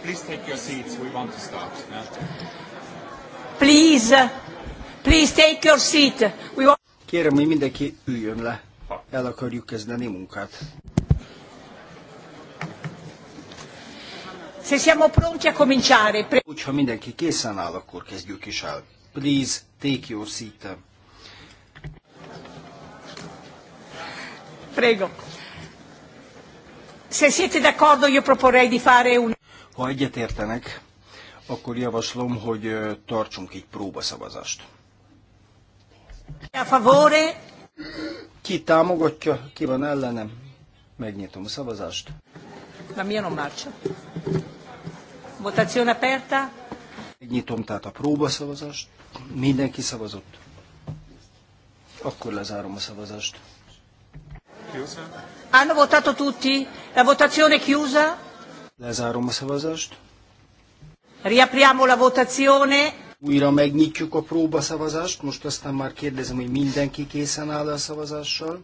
Please take your seats. We want to start. Please, please take your seat. We want... Kérem, hogy mindenki üljön le, ha el akarjuk kezdeni munkát. Se siamo pronti a cominciare. Pre- Hogyha mindenki készen áll, akkor kezdjük is el. Please take your seat. Prego. Se siete d'accordo io proporrei di fare un... Ha egyetértenek, akkor javaslom, hogy tartsunk egy próbaszavazást. A favore? Ki támogatja, ki van ellenem? Megnyitom a szavazást. Na milyen a marcia. Votazione aperta. Megnyitom tehát a próbaszavazást. Mindenki szavazott. Akkor lezárom a szavazást. Hanno votato tutti? La votazione chiusa? Lezárom a szavazást. Riapriamo la votazione. Újra megnyitjuk a próbaszavazást, most aztán már kérdezem, hogy mindenki készen áll a szavazással.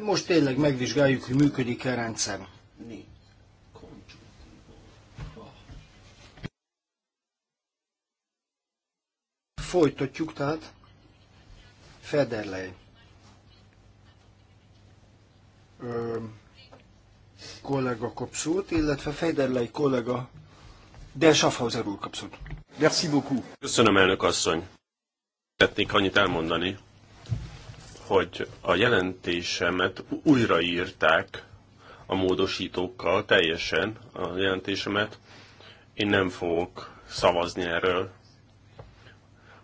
Most tényleg megvizsgáljuk, hogy működik-e a rendszer. Folytatjuk tehát. Federlej ö, kollega kap szót, illetve Fejderlei kollega, de Schaffhauser úr kap szót. Merci beaucoup. Köszönöm, elnök asszony. Szeretnék annyit elmondani, hogy a jelentésemet újraírták a módosítókkal teljesen a jelentésemet. Én nem fogok szavazni erről,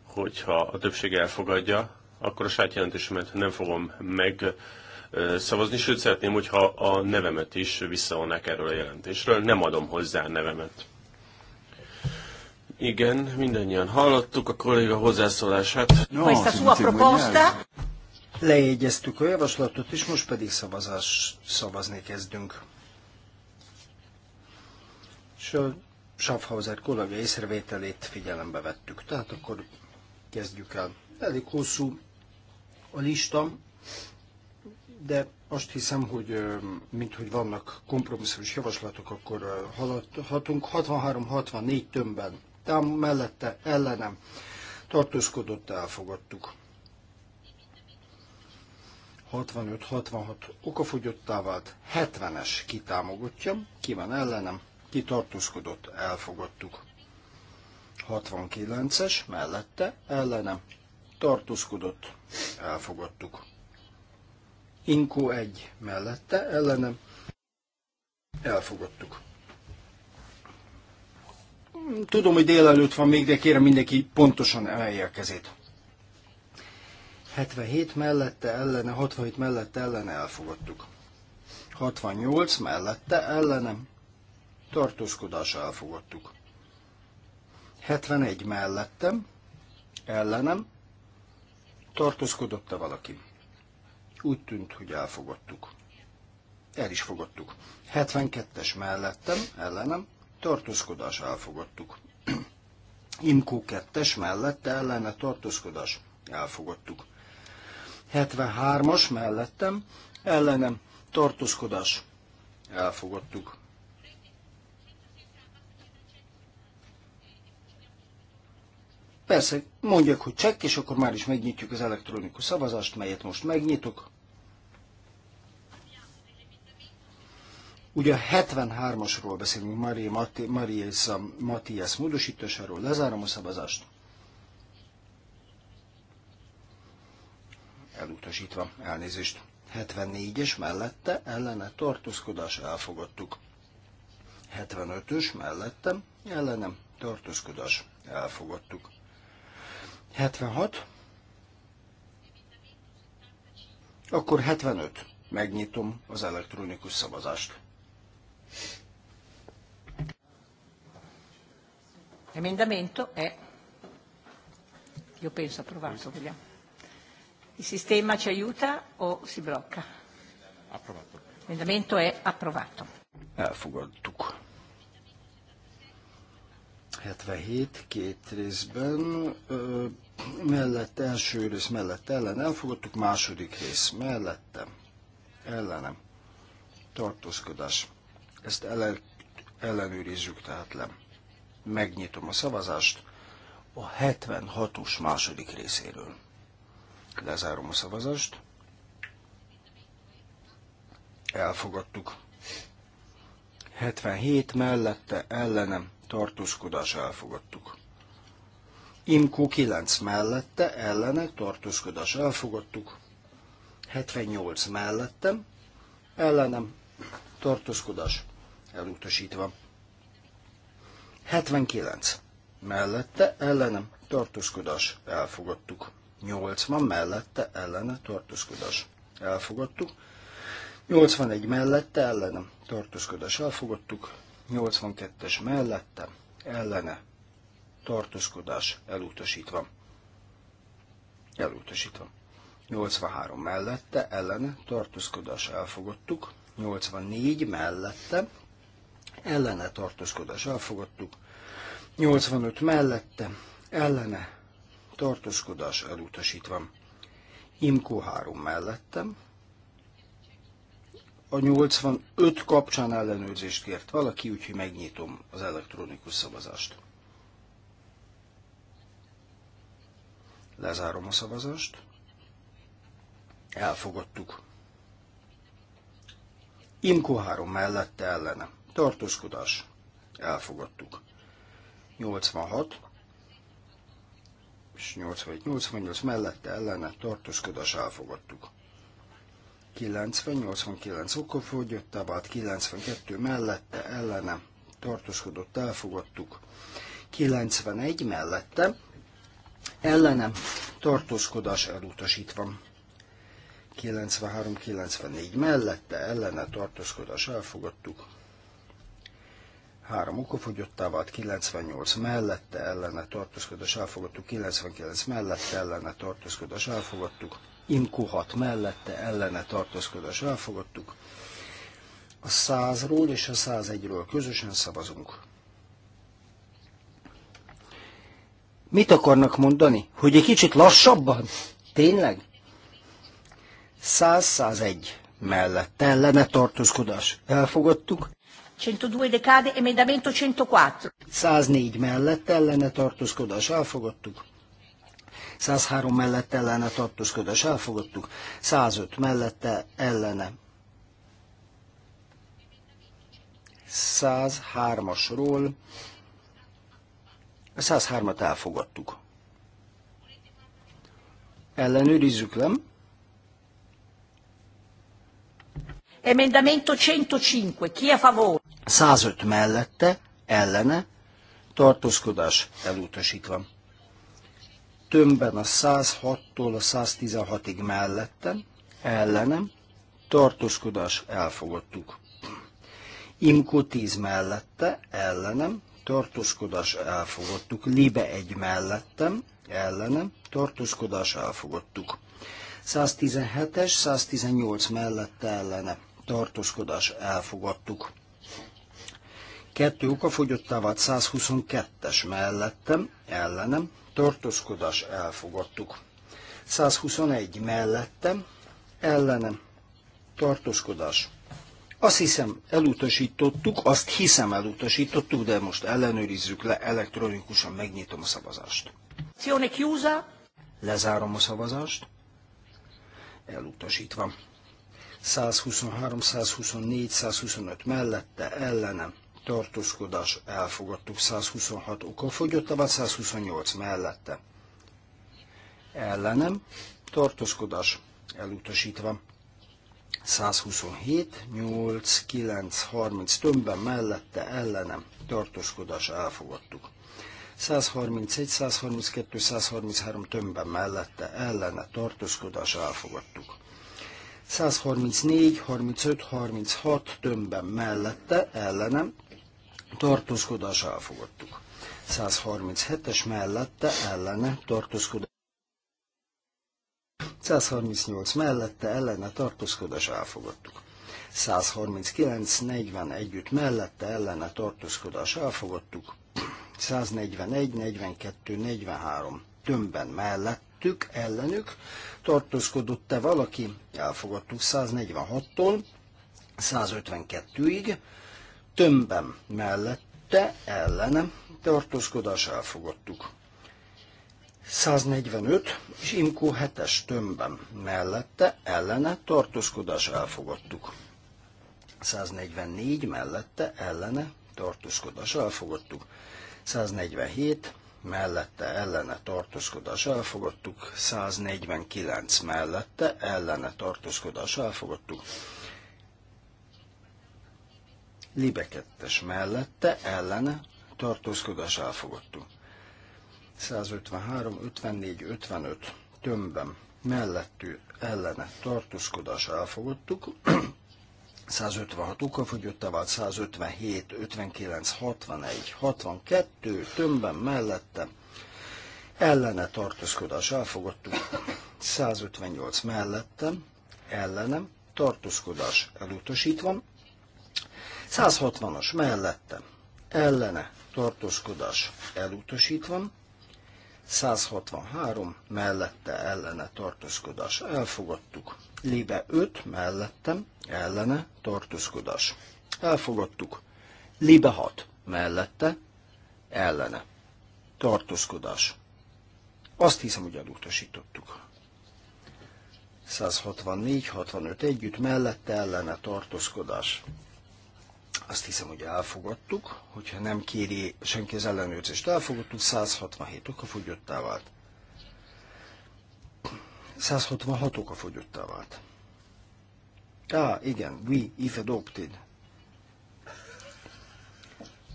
hogyha a többség elfogadja, akkor a saját jelentésemet nem fogom meg szavazni, sőt szeretném, hogyha a nevemet is visszavonnák erről a jelentésről. Nem adom hozzá a nevemet. Igen, mindannyian hallottuk a kolléga hozzászólását. No, Questa a proposta. Leégyeztük a javaslatot, és most pedig szavazás, szavazni kezdünk. És a Schaffhauser kollega észrevételét figyelembe vettük. Tehát akkor kezdjük el. Elég hosszú a lista, de azt hiszem, hogy mint hogy vannak kompromisszumos javaslatok, akkor haladhatunk. 63-64 tömbben, tám mellette, ellenem tartózkodott, elfogadtuk. 65-66 okafogyottá vált, 70-es kitámogatja, ki van ellenem, ki tartózkodott, elfogadtuk. 69-es mellette, ellenem tartózkodott, elfogadtuk. Inkó 1 mellette, ellenem elfogadtuk. Tudom, hogy délelőtt van még, de kérem mindenki pontosan emelje a kezét. 77 mellette, ellene, 67 mellette, ellene elfogadtuk. 68 mellette, ellenem tartózkodás elfogadtuk. 71 mellettem, ellenem tartózkodott-e valaki? Úgy tűnt, hogy elfogadtuk. El is fogadtuk. 72-es mellettem, ellenem, tartózkodás elfogadtuk. Imkó 2-es mellette, ellene tartózkodás elfogadtuk. 73-as mellettem, ellenem tartózkodás elfogadtuk. Persze, mondjak, hogy csekk, és akkor már is megnyitjuk az elektronikus szavazást, melyet most megnyitok. Ugye a 73-asról beszélünk, Marie, Mati, Maria Matias módosításáról, lezárom a szavazást. Elutasítva, elnézést. 74-es mellette ellene tartózkodás elfogadtuk. 75-ös mellettem ellenem tartózkodás elfogadtuk. 76. Akkor 75. Megnyitom az elektronikus szavazást. Emendamento è, io penso approvato, vogliamo. Il sistema ci aiuta o si blocca? Approvato. Emendamento è approvato. Elfogadtuk. 77, két részben, ö, mellett, első rész mellett ellen elfogadtuk, második rész mellette ellenem, tartózkodás. Ezt ellen, ellenőrizzük tehát le. Megnyitom a szavazást a 76-os második részéről. Lezárom a szavazást. Elfogadtuk. 77 mellette ellenem tartózkodás elfogadtuk. Imkó 9 mellette, ellene, tartózkodás elfogadtuk. 78 mellettem, ellenem, tartózkodás elutasítva. 79 mellette, ellenem, tartózkodás elfogadtuk. 80 mellette, ellene, tartózkodás elfogadtuk. 81 mellette, ellenem, tartózkodás elfogadtuk. 82-es mellette, ellene, tartózkodás elutasítva. Elutasítva. 83 mellette, ellene, tartózkodás elfogadtuk. 84 mellette, ellene tartózkodás elfogadtuk. 85 mellette, ellene tartózkodás elutasítva. Imkó 3 mellettem, a 85 kapcsán ellenőrzést kért valaki, úgyhogy megnyitom az elektronikus szavazást. Lezárom a szavazást. Elfogadtuk. Imko 3 mellette ellene. Tartózkodás. Elfogadtuk. 86 és 87, 88 mellette ellene tartózkodás elfogadtuk. 90-89 okofogyottá vált, 92 mellette, ellene tartózkodott, elfogadtuk. 91 mellette, ellene tartózkodás elutasítva. 93-94 mellette, ellene tartózkodás elfogadtuk. 3 okofogyottá vált, 98 mellette, ellene tartózkodás elfogadtuk, 99 mellette, ellene tartózkodás elfogadtuk inkuhat mellette ellene tartózkodás elfogadtuk. A 100 és a 101-ről közösen szavazunk. Mit akarnak mondani? Hogy egy kicsit lassabban? Tényleg? 100-101 mellett ellene tartózkodás. Elfogadtuk. 102 decade, emendamento 104. 104 mellett ellene tartózkodás. Elfogadtuk. 103 mellett ellene tartózkodás elfogadtuk, 105 mellette ellene. 103-asról a 103-at elfogadtuk. Ellenőrizzük, nem? Emendamento 105, chi a favore? 105 mellette, ellene, tartózkodás elutasítva tömbben a 106-tól a 116-ig mellettem, ellenem, tartózkodás elfogadtuk. Imko 10 mellette, ellenem, tartózkodás elfogadtuk. Libe 1 mellettem, ellenem, tartózkodás elfogadtuk. 117-es, 118 mellette ellene tartózkodás elfogadtuk. 2 okafogyottá vált 122-es mellettem, ellenem, tartózkodás elfogadtuk. 121 mellettem, ellenem, tartózkodás. Azt hiszem elutasítottuk, azt hiszem elutasítottuk, de most ellenőrizzük le elektronikusan, megnyitom a szavazást. Lezárom a szavazást. Elutasítva. 123, 124, 125 mellette, ellenem, tartózkodás elfogadtuk 126 okon fogyott, vagy 128 mellette. Ellenem tartózkodás elutasítva. 127, 8, 9, 30 tömbben mellette ellenem tartózkodás elfogadtuk. 131, 132, 133 tömbben mellette ellene tartózkodás elfogadtuk. 134, 35, 36 tömbben mellette ellenem tartózkodás elfogadtuk. 137-es mellette ellene tartózkodás. 138 mellette ellene tartózkodás elfogadtuk. 139-40 együtt mellette ellene tartózkodás elfogadtuk. 141-42-43 tömbben mellettük, ellenük tartózkodott-e valaki? Elfogadtuk 146-tól 152-ig tömbben mellette ellenem tartózkodással fogadtuk. 145 és Imkó 7-es tömbben mellette ellene tartózkodás elfogadtuk. 144 mellette ellene tartózkodás elfogadtuk. 147 mellette ellene tartózkodás elfogadtuk, 149 mellette ellene tartózkodás elfogadtuk, libekettes mellette, ellene, tartózkodás elfogadtuk. 153, 54, 55 tömbben mellettű ellene tartózkodás elfogadtuk. 156 fogyott, vált, 157, 59, 61, 62 tömbben mellette ellene tartózkodás elfogadtuk. 158 mellette ellenem tartózkodás elutasítva, 160-as mellettem, ellene, tartózkodás elutasítva, 163 mellette ellene tartózkodás elfogadtuk. Libe 5 mellettem ellene tartózkodás elfogadtuk. Libe 6 mellette ellene tartózkodás. Azt hiszem, hogy elutasítottuk. 164-65 együtt mellette ellene tartózkodás azt hiszem, hogy elfogadtuk, hogyha nem kéri senki az ellenőrzést, elfogadtuk, 167 oka fogyottá vált. 166 oka fogyottá vált. Á, ah, igen, we, if adopted.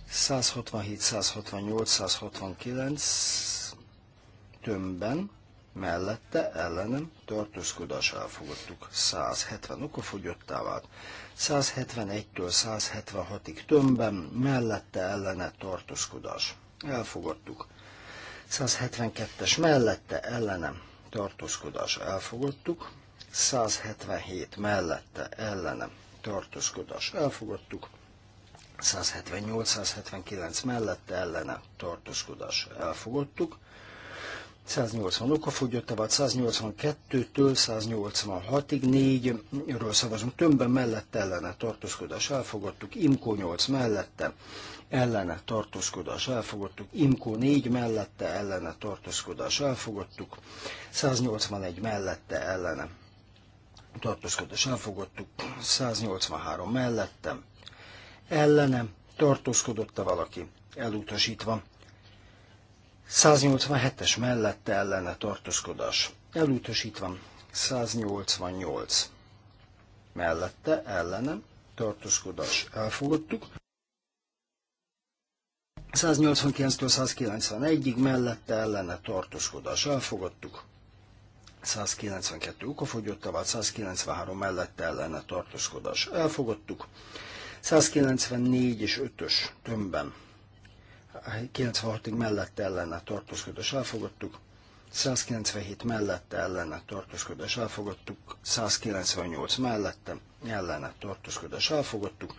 167, 168, 169 tömbben mellette ellenem tartózkodás fogadtuk. 170 okafogyottá vált. 171-től 176-ig tömbben mellette ellene tartózkodás. Elfogadtuk. 172-es mellette ellenem tartózkodás elfogadtuk. 177 mellette ellenem tartózkodás elfogadtuk. 178-179 mellette ellene tartózkodás elfogadtuk. 180 okafogyott, tehát 182-től 186-ig 4-ről szavazunk, tömbben mellette ellene tartózkodás elfogadtuk, Imko 8 mellette ellene tartózkodás elfogadtuk, Imko 4 mellette ellene tartózkodás elfogadtuk, 181 mellette ellene tartózkodás elfogadtuk, 183 mellette ellene tartózkodott -e valaki, elutasítva. 187-es mellette ellene tartózkodás. Elutasítva. 188 mellette ellene tartózkodás. Elfogadtuk. 189-től 191-ig mellette ellene tartózkodás. Elfogadtuk. 192 okafogyott, vált 193 mellette ellene tartózkodás. Elfogadtuk. 194 és 5-ös tömbben 96-ig mellette ellene tartózkodás elfogadtuk, 197 mellette ellene tartózkodás elfogadtuk, 198 mellette ellene tartózkodás elfogadtuk,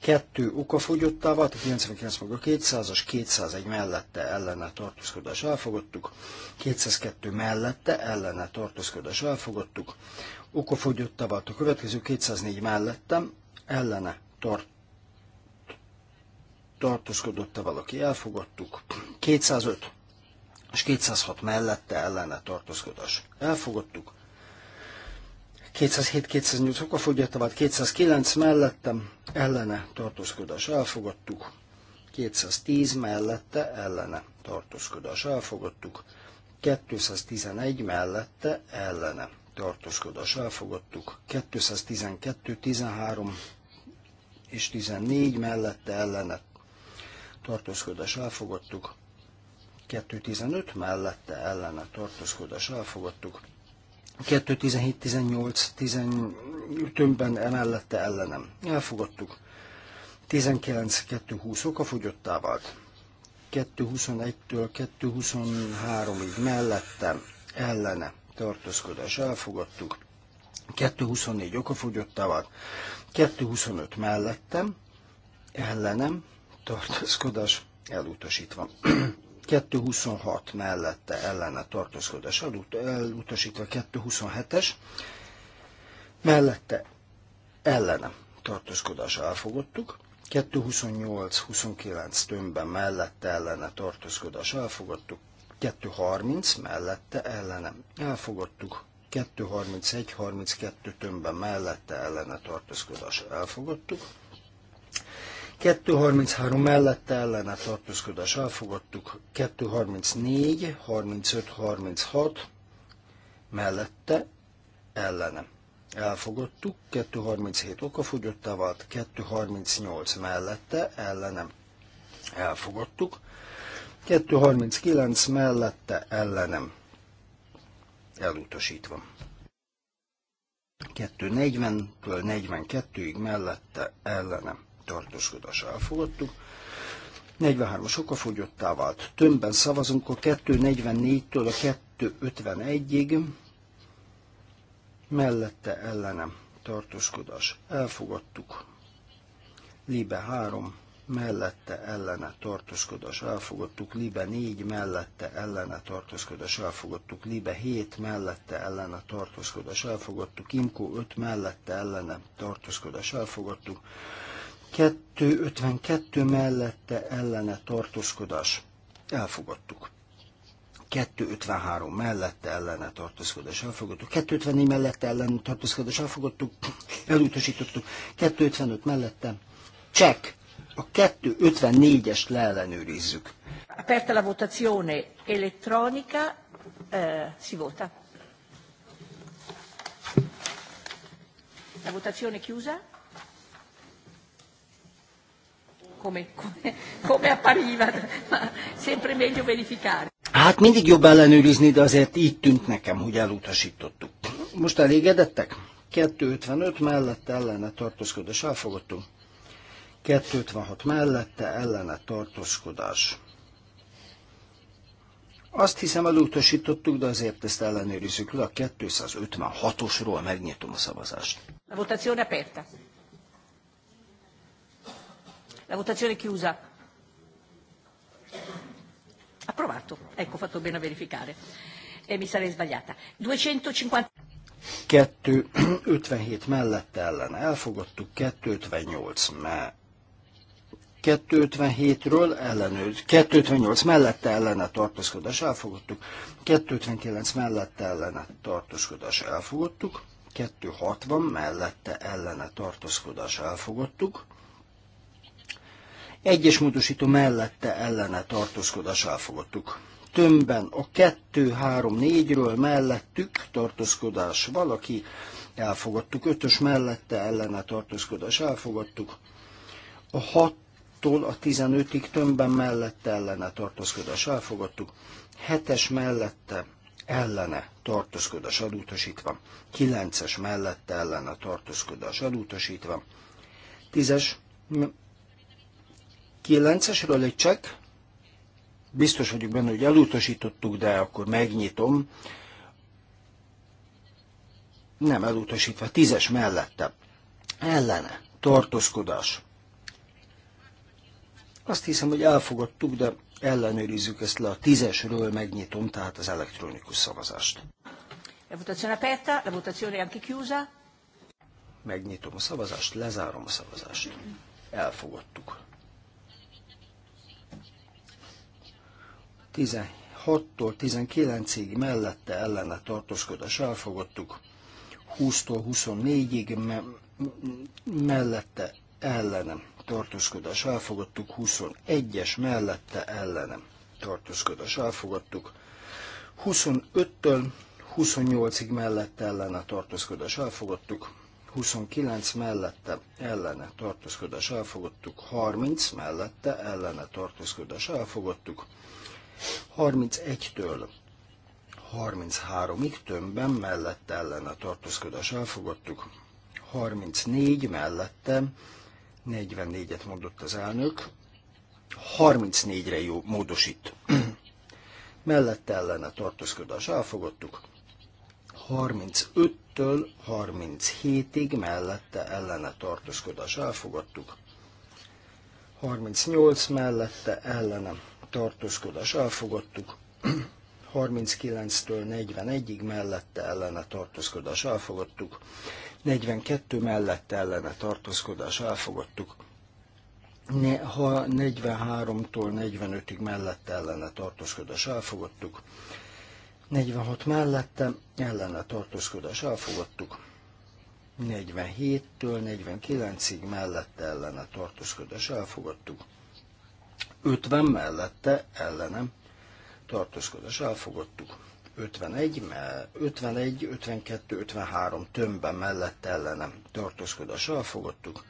kettő okafogyottá vált, a 99 maga 200-as, 201 mellette ellene tartózkodás elfogadtuk, 202 mellette ellene tartózkodás elfogadtuk, okafogyottá vált a következő 204 mellettem ellene tartózkodás tartózkodott-e valaki, elfogadtuk. 205 és 206 mellette ellene tartózkodás. Elfogadtuk. 207-208 fogja tehát 209 mellettem ellene tartózkodás. Elfogadtuk. 210 mellette ellene tartózkodás. Elfogadtuk. 211 mellette ellene tartózkodás. Elfogadtuk. 212, 13 és 14 mellette ellene tartózkodás elfogadtuk. 2.15 mellette ellene tartózkodás elfogadtuk. 2.17-18 tömbben emellette ellenem elfogadtuk. 19.2.20 okafogyottá vált. 2.21-től 2.23-ig mellette ellene tartózkodás elfogadtuk. 2.24 okafogyottá vált. 2.25 mellettem ellenem tartózkodás elutasítva. 226 mellette ellene tartózkodás elutasítva, 227-es mellette ellene tartózkodás elfogadtuk, 228-29 tömbben mellette ellene tartózkodás elfogadtuk, 230 mellette ellene elfogadtuk, 231-32 tömbben mellette ellene tartózkodás elfogadtuk, 233 mellette ellene tartózkodás elfogadtuk, 234, 35, 36 mellette ellene elfogadtuk, 237 okafogyottá vált, 238 mellette ellenem elfogadtuk, 239 mellette ellenem elutasítva. 240-től 42-ig mellette ellenem tartózkodás elfogadtuk. 43-as okafogyottá vált. Tömbben szavazunk a 244-től a 251-ig, mellette ellenem tartózkodás elfogadtuk. Libe 3, mellette ellene tartózkodás elfogadtuk, Libe 4, mellette ellene tartózkodás elfogadtuk, Libe 7, mellette ellene tartózkodás elfogadtuk, Imkó 5, mellette ellene tartózkodás elfogadtuk, 252 mellette ellene tartózkodás. Elfogadtuk. 253 mellette ellene tartózkodás elfogadtuk, 254 mellette ellene tartózkodás elfogadtuk, elutasítottuk, 255 mellette. check A 254-est leellenőrizzük. Aperta la votazione elettronica, eh, si vota. La votazione chiusa. come, come, come appariva, ma sempre meglio verificare. Hát mindig jobb ellenőrizni, de azért így tűnt nekem, hogy elutasítottuk. Most elégedettek? 255 mellette ellene tartózkodás elfogadtunk. 256 mellette ellene tartózkodás. Azt hiszem elutasítottuk, de azért ezt ellenőrizzük le. A 256-osról megnyitom a szavazást. A votazione aperta. La votazione è chiusa. Approvato. Ecco, ho fatto bene a verificare. E mi sarei sbagliata. 250... 257 mellette ellen elfogadtuk, 258 me. 257-ről ellenőrz, 258 mellette ellene tartózkodás elfogadtuk, 259 mellette ellene tartózkodás elfogadtuk, 260 mellette ellene tartózkodás elfogadtuk, egyes módosító mellette ellene tartózkodás elfogadtuk. Tömbben a 2-3-4-ről mellettük tartózkodás valaki elfogadtuk. Ötös mellette ellene tartózkodás elfogadtuk. A 6-tól a 15-ig tömbben mellette ellene tartózkodás elfogadtuk. 7-es mellette ellene tartózkodás elutasítva, 9-es mellette ellene tartózkodás elutasítva, 10-es 9-esről egy csekk. Biztos vagyok benne, hogy elutasítottuk, de akkor megnyitom. Nem elutasítva, tízes mellette. Ellene. Tartózkodás. Azt hiszem, hogy elfogadtuk, de ellenőrizzük ezt le a tízesről, megnyitom tehát az elektronikus szavazást. Megnyitom a szavazást, lezárom a szavazást. Elfogadtuk. 16-tól 19-ig mellette ellene tartózkodás elfogadtuk, 20-tól 24-ig me mellette ellenem tartózkodás elfogadtuk, 21-es mellette ellenem tartózkodás elfogadtuk, 25-től 28-ig mellette ellene tartózkodás elfogadtuk, 29 mellette ellene tartózkodás elfogadtuk, 30 mellette ellene tartózkodás elfogadtuk, 31-től 33-ig tömbben mellette ellene tartózkodás elfogadtuk. 34 mellette, 44-et mondott az elnök, 34-re jó módosít. mellette ellene tartózkodás elfogadtuk. 35-től 37-ig mellette ellene tartózkodás elfogadtuk. 38 mellette ellenem tartózkodás elfogadtuk. 39-től 41-ig mellette ellene tartózkodás elfogadtuk. 42 mellette ellene tartózkodás elfogadtuk. Ne, ha 43-tól 45-ig mellette ellene tartózkodás elfogadtuk. 46 mellette ellene tartózkodás elfogadtuk. 47-től 49-ig mellette ellene tartózkodás elfogadtuk. 50 mellette ellenem tartózkodás elfogadtuk. 51, 51, 52, 53 tömbben mellette ellenem tartózkodás elfogadtuk.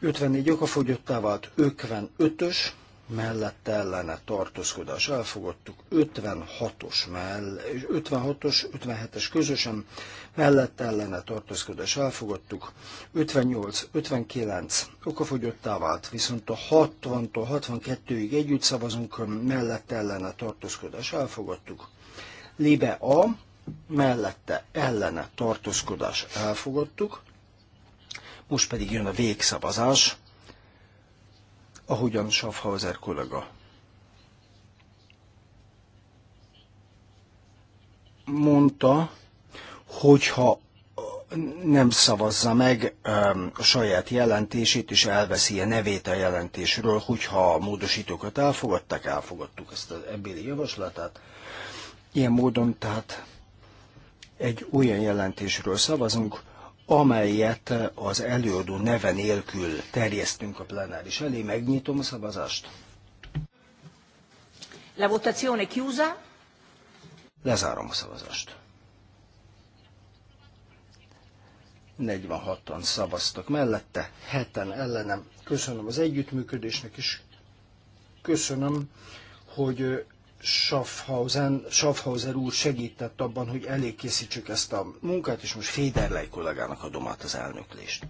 54 okafogyottá vált 55-ös mellette ellene tartózkodás elfogadtuk, 56-os mell, 56-os, 57-es közösen mellette ellene tartózkodás elfogadtuk, 58, 59 okafogyottá vált, viszont a 60-tól 62-ig együtt szavazunk, mellette ellene tartózkodás elfogadtuk. Libe A, mellette ellene tartózkodás elfogadtuk, most pedig jön a végszavazás, ahogyan Schaffhauser kollega mondta, hogyha nem szavazza meg a saját jelentését, és elveszi a nevét a jelentésről, hogyha a módosítókat elfogadták, elfogadtuk ezt az ebbéli javaslatát. Ilyen módon tehát egy olyan jelentésről szavazunk, amelyet az előadó neve nélkül terjesztünk a plenáris elé. Megnyitom a szavazást. La votazione chiusa. Lezárom a szavazást. 46-an szavaztak mellette, heten ellenem. Köszönöm az együttműködésnek is. Köszönöm, hogy Schaffhausen, Schaffhauser úr segített abban, hogy elég készítsük ezt a munkát, és most Féderlei kollégának adom át az elnöklést.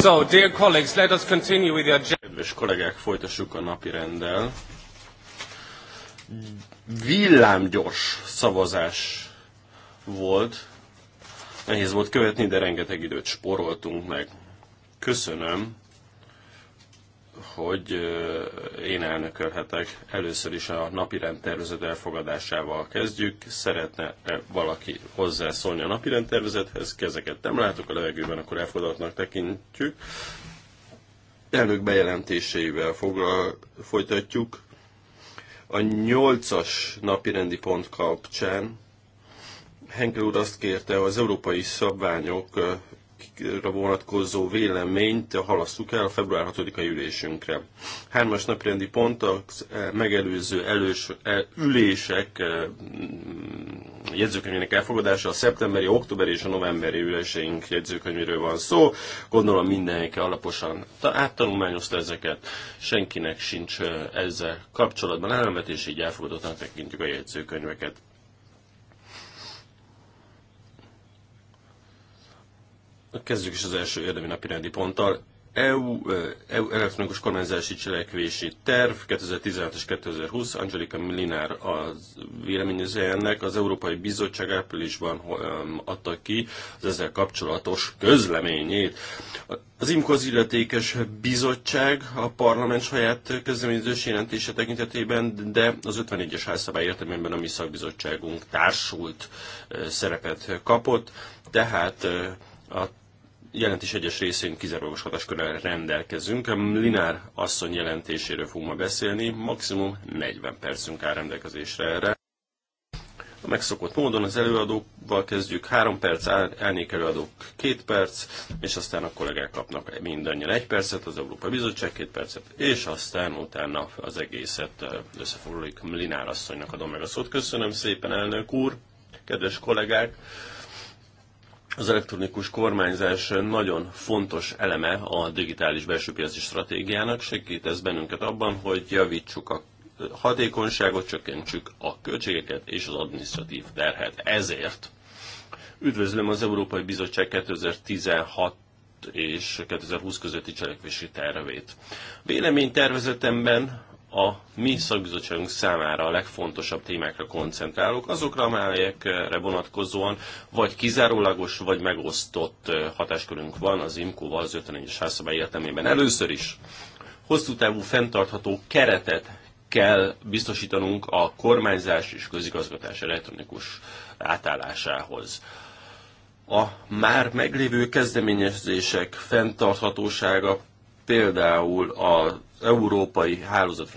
So, dear colleagues, let us continue with the agenda. Kedves kollégák, folytassuk a napi rendel. Villámgyors szavazás volt. Nehéz volt követni, de rengeteg időt sporoltunk meg. Köszönöm hogy én elnökölhetek. Először is a napi rendtervezet elfogadásával kezdjük. Szeretne -e valaki hozzászólni a napi rendtervezethez? Kezeket nem látok a levegőben, akkor elfogadatnak tekintjük. Elnök bejelentéseivel foglal, folytatjuk. A nyolcas napirendi pont kapcsán Henkel úr azt kérte, az európai szabványok Iránra vonatkozó véleményt halasztuk el a február 6-ai ülésünkre. Hármas napirendi pont a eh, megelőző elős, ülések eh, mm, jegyzőkönyvének elfogadása a szeptemberi, októberi és a novemberi üléseink jegyzőkönyvéről van szó. Gondolom mindenki alaposan áttanulmányozta ezeket, senkinek sincs eh, ezzel kapcsolatban ellenvetés, így elfogadottan tekintjük a jegyzőkönyveket. Kezdjük is az első érdemi napi rendi ponttal. EU, EU elektronikus kormányzási cselekvési terv 2016 és 2020. Angelika Milinár a véleményezője ennek. Az Európai Bizottság áprilisban adta ki az ezzel kapcsolatos közleményét. Az IMKOZ illetékes bizottság a parlament saját közleményezős jelentése tekintetében, de az 54-es házszabály értelmében a mi szakbizottságunk társult szerepet kapott, tehát a jelentés egyes részén kizárólagos hatáskörrel rendelkezünk. A Linár asszony jelentéséről fogunk ma beszélni, maximum 40 percünk áll rendelkezésre erre. A megszokott módon az előadókval kezdjük, 3 perc, elnék előadók 2 perc, és aztán a kollégák kapnak mindannyian 1 percet, az Európai Bizottság 2 percet, és aztán utána az egészet összefoglaljuk. Linár asszonynak adom meg a szót. Köszönöm szépen, elnök úr, kedves kollégák! Az elektronikus kormányzás nagyon fontos eleme a digitális belső piaci stratégiának, segít ez bennünket abban, hogy javítsuk a hatékonyságot, csökkentsük a költségeket és az administratív terhet. Ezért üdvözlöm az Európai Bizottság 2016 és 2020 közötti cselekvési tervét. Véleménytervezetemben a mi szakbizottságunk számára a legfontosabb témákra koncentrálok, azokra, amelyekre vonatkozóan vagy kizárólagos, vagy megosztott hatáskörünk van az IMCO-val az 51-es házszabály értelmében. Először is hosszú távú fenntartható keretet kell biztosítanunk a kormányzás és közigazgatás elektronikus átállásához. A már meglévő kezdeményezések fenntarthatósága például a európai hálózat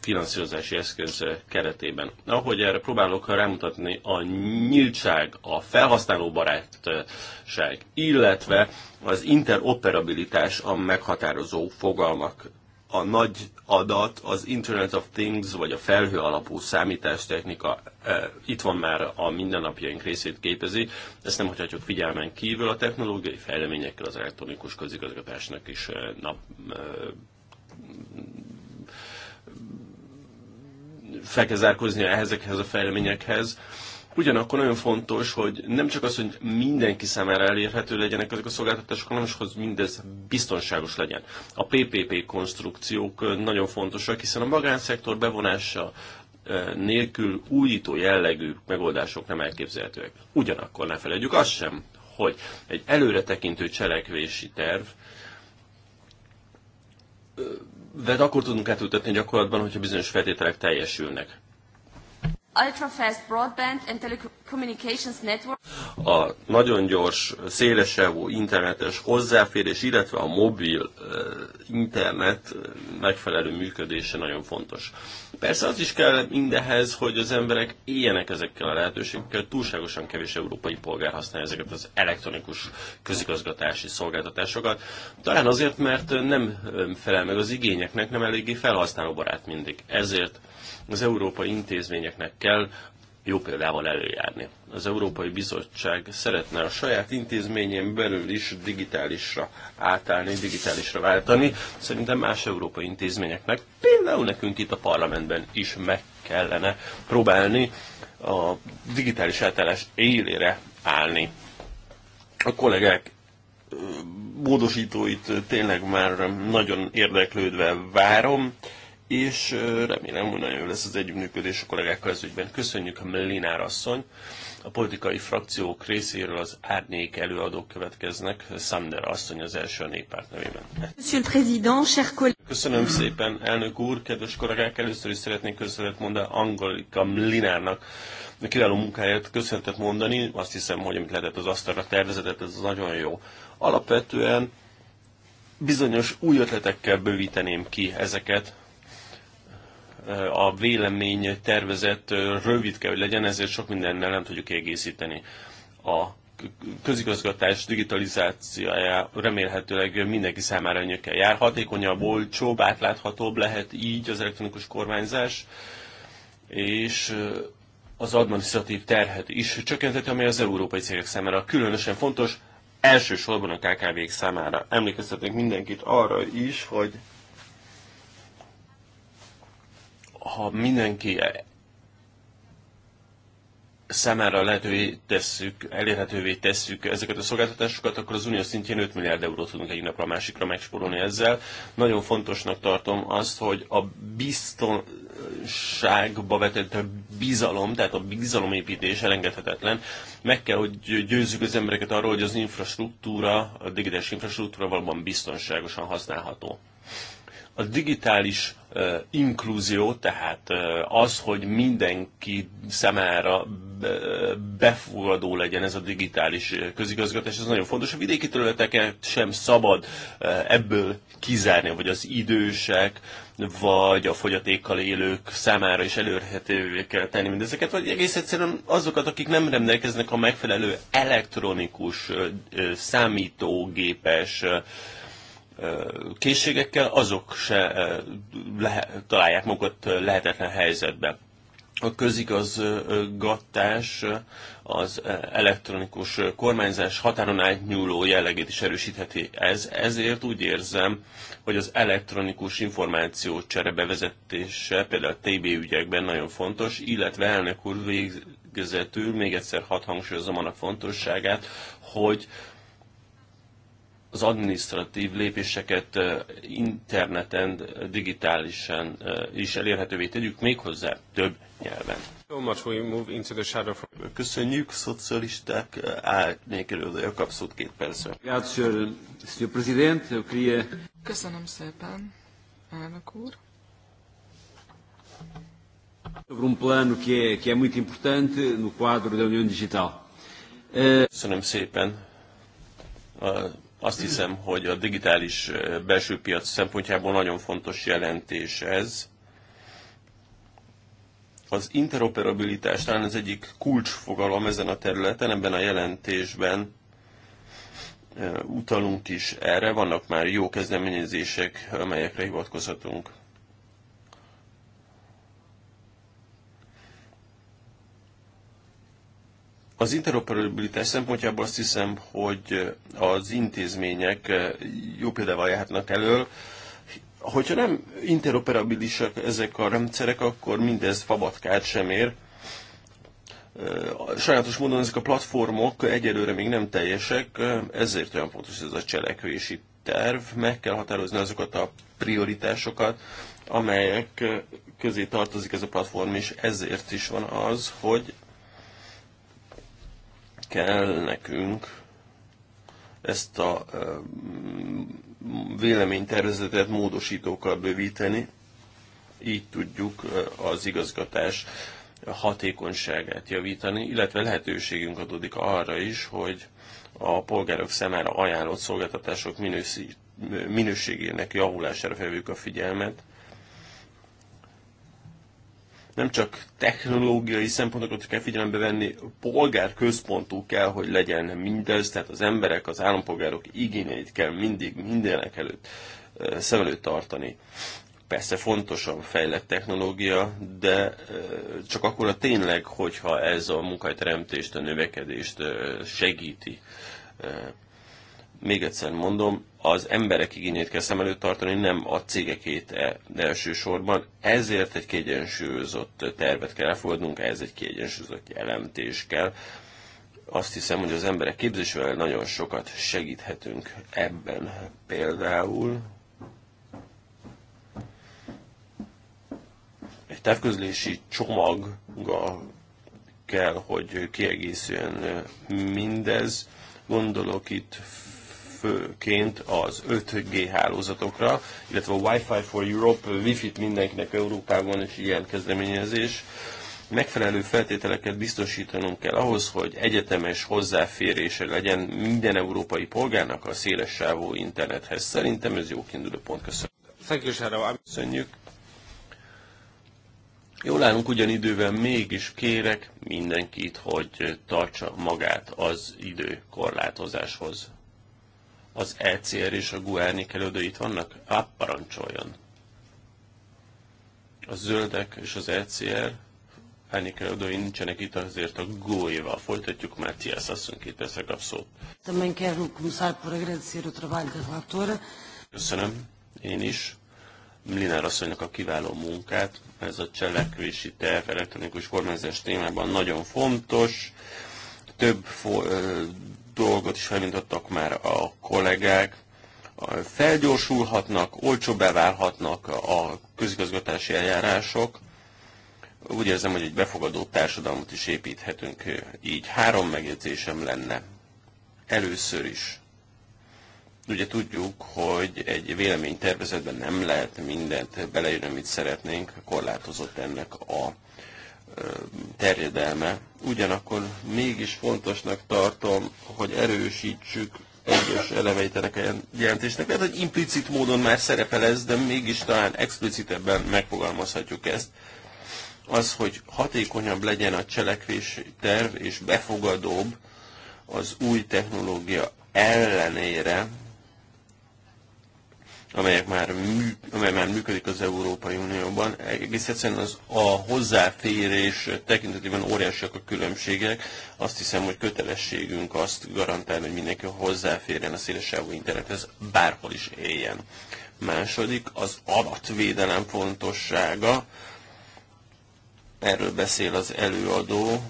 finanszírozási eszköz keretében. Ahogy erre próbálok rámutatni, a nyíltság, a felhasználóbarátság, illetve az interoperabilitás a meghatározó fogalmak. A nagy adat, az Internet of Things, vagy a felhő alapú számítástechnika e, itt van már a mindennapjaink részét képezi. Ezt nem hagyhatjuk figyelmen kívül a technológiai fejleményekkel az elektronikus közigazgatásnak is e, nap e, fel ezekhez a fejleményekhez. Ugyanakkor nagyon fontos, hogy nem csak az, hogy mindenki számára elérhető legyenek ezek a szolgáltatások, hanem is, hogy mindez biztonságos legyen. A PPP konstrukciók nagyon fontosak, hiszen a magánszektor bevonása nélkül újító jellegű megoldások nem elképzelhetőek. Ugyanakkor ne felejtjük azt sem, hogy egy előretekintő cselekvési terv vet akkor tudunk átültetni gyakorlatban, hogyha bizonyos feltételek teljesülnek. Ultra-fast broadband and telecommunications network. A nagyon gyors, szélesávú e internetes hozzáférés, illetve a mobil internet megfelelő működése nagyon fontos. Persze az is kell mindehez, hogy az emberek éljenek ezekkel a lehetőségekkel. Túlságosan kevés európai polgár használja ezeket az elektronikus közigazgatási szolgáltatásokat. Talán azért, mert nem felel meg az igényeknek, nem eléggé barát mindig. Ezért az európai intézményeknek kell jó példával előjárni. Az Európai Bizottság szeretne a saját intézményén belül is digitálisra átállni, digitálisra váltani. Szerintem más európai intézményeknek, például nekünk itt a parlamentben is meg kellene próbálni a digitális átállás élére állni. A kollégák módosítóit tényleg már nagyon érdeklődve várom és remélem, hogy nagyon jó lesz az együttműködés a kollégákkal az ügyben. Köszönjük a Melinár asszony. A politikai frakciók részéről az árnyék előadók következnek. Sander asszony az első a néppárt nevében. Köszönöm szépen, elnök úr, kedves kollégák! Először is szeretnék köszönet mondani Angolika Linárnak a kiváló munkáját köszönetet mondani. Azt hiszem, hogy amit lehetett az asztalra tervezetet, ez nagyon jó. Alapvetően bizonyos új ötletekkel bővíteném ki ezeket, a vélemény tervezett rövid kell, hogy legyen, ezért sok mindennel nem tudjuk kiegészíteni. A közigazgatás digitalizációja remélhetőleg mindenki számára önökkel jár. Hatékonyabb, olcsóbb, átláthatóbb lehet így az elektronikus kormányzás, és az adminisztratív terhet is csökkentheti, ami az európai cégek számára különösen fontos, elsősorban a KKV-k számára. Emlékeztetnék mindenkit arra is, hogy ha mindenki számára lehetővé tesszük, elérhetővé tesszük ezeket a szolgáltatásokat, akkor az unió szintjén 5 milliárd eurót tudunk egy napra a másikra megspórolni ezzel. Nagyon fontosnak tartom azt, hogy a biztonságba vetett bizalom, tehát a bizalomépítés elengedhetetlen. Meg kell, hogy győzzük az embereket arról, hogy az infrastruktúra, a digitális infrastruktúra valóban biztonságosan használható. A digitális inkluzió, tehát az, hogy mindenki szemára befogadó legyen ez a digitális közigazgatás, ez nagyon fontos. A vidéki területeket sem szabad ebből kizárni, vagy az idősek, vagy a fogyatékkal élők számára is elérhetővé kell tenni mindezeket, vagy egész egyszerűen azokat, akik nem rendelkeznek a megfelelő elektronikus, számítógépes, készségekkel, azok se lehe, találják magukat lehetetlen helyzetbe. A közigazgatás az elektronikus kormányzás határon átnyúló jellegét is erősítheti ez. Ezért úgy érzem, hogy az elektronikus információcsere bevezetése például a TB ügyekben nagyon fontos, illetve elnök úr végzetül még egyszer hat hangsúlyozom annak fontosságát, hogy az administratív lépéseket interneten, digitálisan is elérhetővé tegyük, méghozzá több nyelven. Köszönjük, szocialisták, a kapszót két percre. Köszönöm szépen, elnök úr. Sobre um plano que é, que é muito importante no quadro da União Digital. Eh, Köszönöm szépen a azt hiszem, hogy a digitális belső piac szempontjából nagyon fontos jelentés ez. Az interoperabilitás talán az egyik kulcsfogalom ezen a területen, ebben a jelentésben utalunk is erre, vannak már jó kezdeményezések, amelyekre hivatkozhatunk. Az interoperabilitás szempontjából azt hiszem, hogy az intézmények jó példával járhatnak elől, hogyha nem interoperabilisak ezek a rendszerek, akkor mindez fabatkát sem ér. Sajátos módon ezek a platformok egyelőre még nem teljesek, ezért olyan fontos ez a cselekvési terv. Meg kell határozni azokat a prioritásokat, amelyek közé tartozik ez a platform, és ezért is van az, hogy kell nekünk ezt a véleménytervezetet módosítókkal bővíteni, így tudjuk az igazgatás hatékonyságát javítani, illetve lehetőségünk adódik arra is, hogy a polgárok számára ajánlott szolgáltatások minőségének javulására felvők a figyelmet, nem csak technológiai szempontokat kell figyelembe venni, polgárközpontú kell, hogy legyen mindez, tehát az emberek, az állampolgárok igényeit kell mindig mindenek előtt szem előtt tartani. Persze fontos a fejlett technológia, de csak akkor a tényleg, hogyha ez a munkahelyteremtést, a növekedést segíti még egyszer mondom, az emberek igényét kell szem előtt tartani, nem a cégekét e- elsősorban. Ezért egy kiegyensúlyozott tervet kell elfogadnunk, ez egy kiegyensúlyozott jelentés kell. Azt hiszem, hogy az emberek képzésével nagyon sokat segíthetünk ebben például. Egy távközlési csomaggal kell, hogy kiegészüljön mindez. Gondolok itt főként az 5G hálózatokra, illetve a Wi-Fi for Europe, Wi-Fi-t mindenkinek Európában is ilyen kezdeményezés. Megfelelő feltételeket biztosítanunk kell ahhoz, hogy egyetemes hozzáférése legyen minden európai polgárnak a széles sávú internethez. Szerintem ez jó kiinduló pont. Köszönöm. Köszönjük. Jól állunk ugyan idővel, mégis kérek mindenkit, hogy tartsa magát az időkorlátozáshoz. Az ECR és a Guernic elődő itt vannak? Hát parancsoljon! A zöldek és az ECR elődői nincsenek itt, azért a GUE-val folytatjuk, mert Tiász asszony két percre kap szót. Köszönöm, én is. Mlinár asszonynak a kiváló munkát. Ez a cselekvési terv elektronikus kormányzás témában nagyon fontos. Több dolgot is elindítottak már a kollégák, felgyorsulhatnak, olcsóbbá beválhatnak a közigazgatási eljárások. Úgy érzem, hogy egy befogadó társadalmat is építhetünk így. Három megjegyzésem lenne. Először is. Ugye tudjuk, hogy egy véleménytervezetben nem lehet mindent beleírni, amit szeretnénk, korlátozott ennek a terjedelme. Ugyanakkor mégis fontosnak tartom, hogy erősítsük egyes elemeit ennek a jelentésnek. Lehet, hogy implicit módon már szerepel ez, de mégis talán explicitebben megfogalmazhatjuk ezt. Az, hogy hatékonyabb legyen a cselekvési terv és befogadóbb az új technológia ellenére, amelyek már, mű, amely már működik az Európai Unióban. Egész egyszerűen az a hozzáférés tekintetében óriásiak a különbségek. Azt hiszem, hogy kötelességünk azt garantálni, hogy mindenki hozzáférjen a szélesávú internethez, bárhol is éljen. Második, az adatvédelem fontossága. Erről beszél az előadó.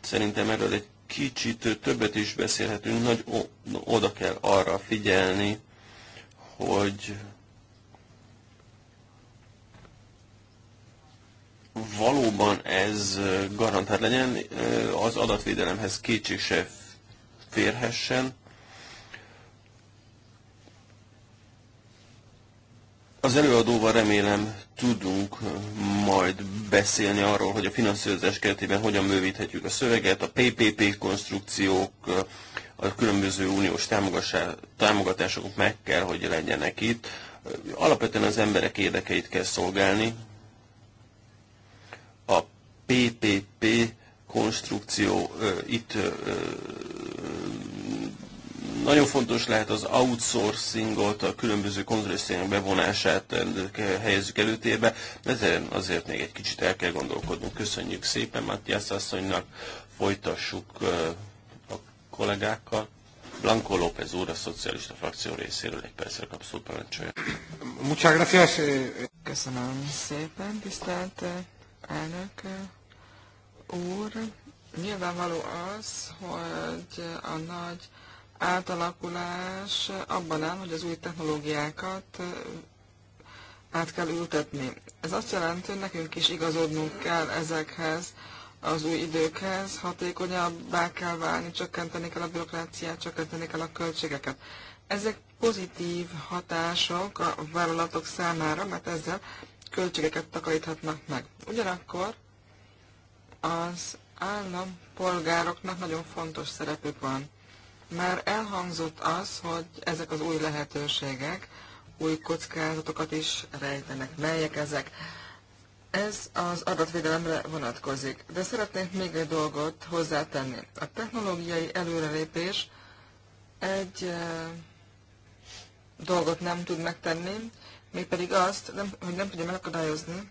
Szerintem erről egy kicsit többet is beszélhetünk, nagy oda kell arra figyelni, hogy valóban ez garantált legyen, az adatvédelemhez kétség se férhessen, Az előadóval remélem tudunk majd beszélni arról, hogy a finanszírozás keretében hogyan bővíthetjük a szöveget, a PPP konstrukciók, a különböző uniós támogatások meg kell, hogy legyenek itt. Alapvetően az emberek érdekeit kell szolgálni. A PPP konstrukció itt nagyon fontos lehet az outsourcingot, a különböző konzulőszények bevonását eh, helyezzük előtérbe, ezért azért még egy kicsit el kell gondolkodnunk. Köszönjük szépen Matthias asszonynak, folytassuk eh, a kollégákkal. Blanco López úr, a szocialista frakció részéről egy percre kapszul parancsolja. Muchas gracias. Eh. Köszönöm szépen, tisztelt elnök úr. Nyilvánvaló az, hogy a nagy átalakulás abban áll, hogy az új technológiákat át kell ültetni. Ez azt jelenti, hogy nekünk is igazodnunk kell ezekhez az új időkhez, hatékonyabbá kell válni, csökkenteni kell a bürokráciát, csökkenteni kell a költségeket. Ezek pozitív hatások a vállalatok számára, mert ezzel költségeket takaríthatnak meg. Ugyanakkor az állampolgároknak nagyon fontos szerepük van. Már elhangzott az, hogy ezek az új lehetőségek új kockázatokat is rejtenek. Melyek ezek? Ez az adatvédelemre vonatkozik. De szeretnék még egy dolgot hozzátenni. A technológiai előrelépés egy e, dolgot nem tud megtenni, mégpedig azt, nem, hogy nem tudja megakadályozni,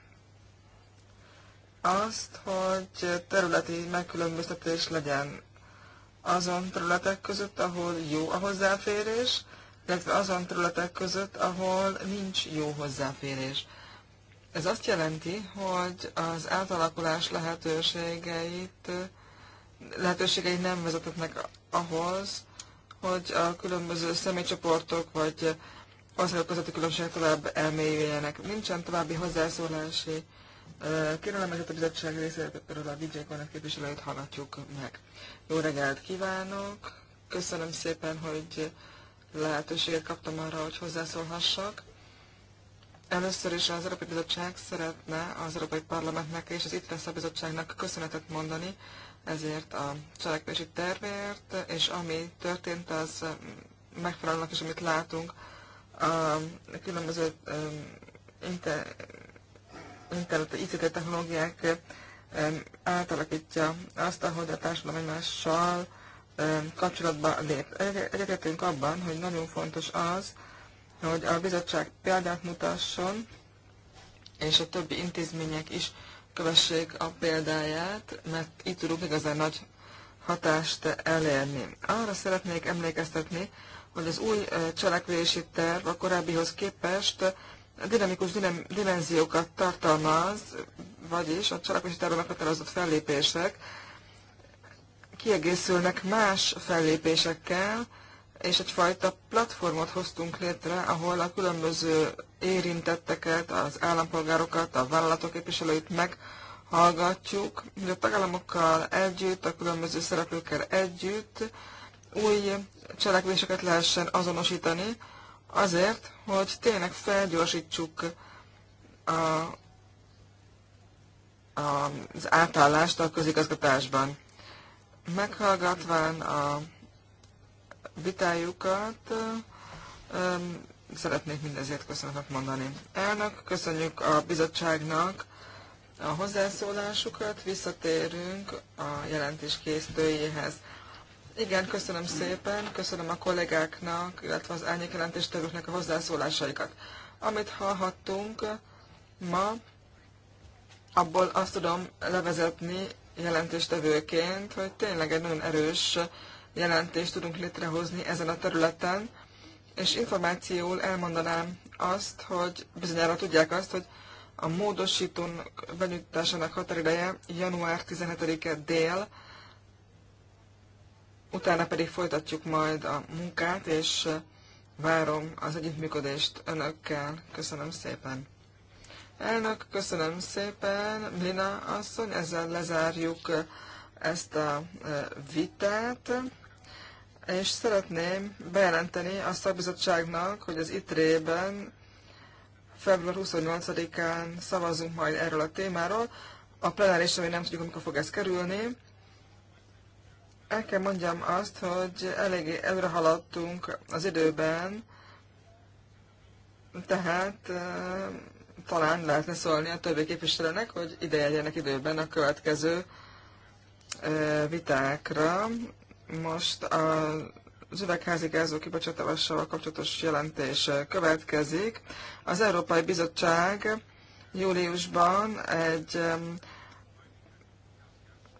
azt, hogy területi megkülönböztetés legyen azon területek között, ahol jó a hozzáférés, illetve azon területek között, ahol nincs jó hozzáférés. Ez azt jelenti, hogy az átalakulás lehetőségeit, lehetőségeit nem vezetetnek ahhoz, hogy a különböző személycsoportok vagy országok közötti különbségek tovább elmélyüljenek. Nincsen további hozzászólási kérelem, ezért a bizottság részéről a DJ Connect képviselőt hallgatjuk meg. Jó reggelt kívánok! Köszönöm szépen, hogy lehetőséget kaptam arra, hogy hozzászólhassak. Először is az Európai Bizottság szeretne az Európai Parlamentnek és az itt a Bizottságnak köszönetet mondani ezért a cselekvési tervért, és ami történt, az megfelelőnek is, amit látunk a különböző inter, internet, ICT technológiák átalakítja azt, ahogy a társadalom egymással kapcsolatba lép. Egyetértünk abban, hogy nagyon fontos az, hogy a bizottság példát mutasson, és a többi intézmények is kövessék a példáját, mert így tudunk igazán nagy hatást elérni. Arra szeretnék emlékeztetni, hogy az új cselekvési terv a korábbihoz képest dinamikus dimenziókat tartalmaz, vagyis a cselekvési tervben meghatározott fellépések kiegészülnek más fellépésekkel, és egyfajta platformot hoztunk létre, ahol a különböző érintetteket, az állampolgárokat, a vállalatok képviselőit meghallgatjuk, hogy a tagállamokkal együtt, a különböző szereplőkkel együtt új cselekvéseket lehessen azonosítani, azért, hogy tényleg felgyorsítsuk a az átállást a közigazgatásban. Meghallgatván a vitájukat, szeretnék mindezért köszönetet mondani. Elnök, köszönjük a bizottságnak a hozzászólásukat, visszatérünk a jelentés készítőjéhez. Igen, köszönöm szépen, köszönöm a kollégáknak, illetve az árnyék jelentéstevőknek a hozzászólásaikat. Amit hallhattunk ma, abból azt tudom levezetni jelentéstevőként, hogy tényleg egy nagyon erős jelentést tudunk létrehozni ezen a területen, és információul elmondanám azt, hogy bizonyára tudják azt, hogy a módosítón benyújtásának határideje január 17-e dél, utána pedig folytatjuk majd a munkát, és várom az együttműködést önökkel. Köszönöm szépen! Elnök, köszönöm szépen, Blina asszony, ezzel lezárjuk ezt a e, vitát, és szeretném bejelenteni a szakbizottságnak, hogy az ITRE-ben február 28-án szavazunk majd erről a témáról. A plenárisra még nem tudjuk, amikor fog ez kerülni. El kell mondjam azt, hogy eléggé előre haladtunk az időben, tehát e, talán lehetne szólni a többi képviselőnek, hogy ide jegyenek időben a következő vitákra. Most a az üvegházi gázok kibocsátással kapcsolatos jelentés következik. Az Európai Bizottság júliusban egy,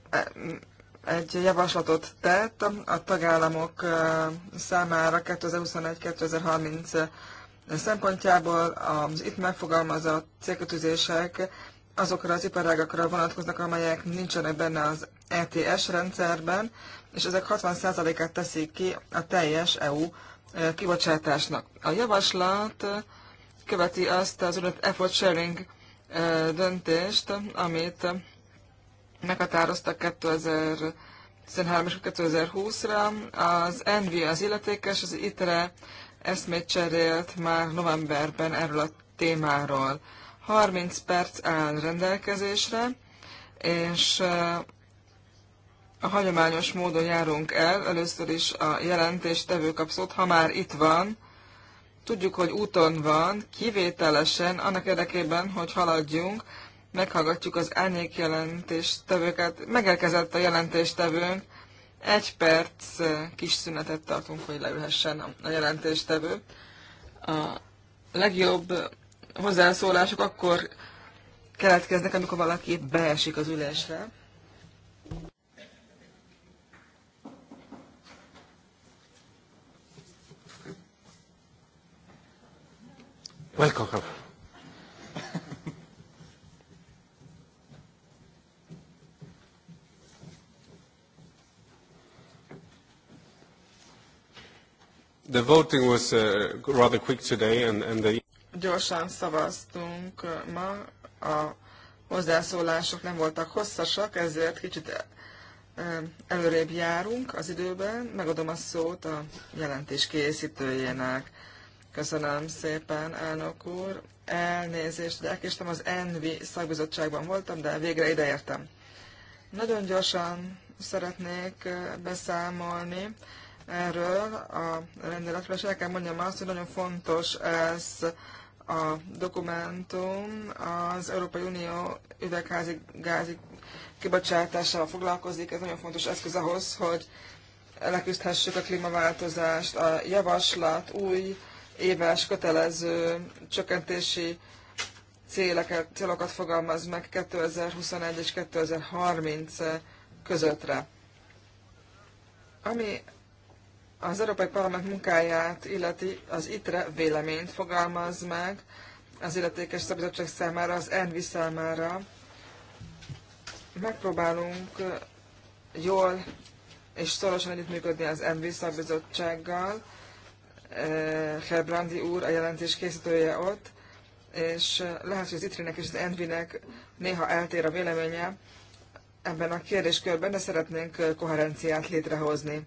e, egy javaslatot tett a tagállamok számára 2021-2030 szempontjából az itt megfogalmazott célkötőzések azokra az iparágakra vonatkoznak, amelyek nincsenek benne az ETS rendszerben, és ezek 60%-át teszik ki a teljes EU kibocsátásnak. A javaslat követi azt az úgynevezett effort sharing döntést, amit meghatároztak 2000 2003 és 2020-ra. Az NV az illetékes, az ITRE eszmét cserélt már novemberben erről a témáról. 30 perc áll rendelkezésre, és a hagyományos módon járunk el, először is a jelentéstevő kapszót, ha már itt van, tudjuk, hogy úton van, kivételesen, annak érdekében, hogy haladjunk, meghallgatjuk az árnyék jelentéstevőket, megelkezett a jelentéstevőnk, egy perc kis szünetet tartunk, hogy leülhessen a jelentéstevő. A legjobb hozzászólások akkor keletkeznek, amikor valaki beesik az ülésre. Welcome. The voting was uh, rather quick today, and, and the... Gyorsan szavaztunk uh, ma, a hozzászólások nem voltak hosszasak, ezért kicsit uh, előrébb járunk az időben. Megadom a szót a jelentés készítőjének. Köszönöm szépen, elnök úr. Elnézést, de elkéstem, az ENVI szakbizottságban voltam, de végre ideértem. Nagyon gyorsan szeretnék uh, beszámolni erről a rendeletről, és el kell mondjam azt, hogy nagyon fontos ez a dokumentum. Az Európai Unió üvegházi gázi kibocsátásával foglalkozik, ez nagyon fontos eszköz ahhoz, hogy leküzdhessük a klímaváltozást. A javaslat új éves kötelező csökkentési céleket, célokat fogalmaz meg 2021 és 2030 közöttre. Ami az Európai Parlament munkáját illeti az ITRE véleményt fogalmaz meg az illetékes szabadság számára, az ENVI számára. Megpróbálunk uh, jól és szorosan együttműködni az ENVI szabizottsággal. Uh, Herbrandi úr, a jelentés készítője ott, és uh, lehet, hogy az ITRE-nek és az ENVI-nek néha eltér a véleménye ebben a kérdéskörben, de szeretnénk koherenciát létrehozni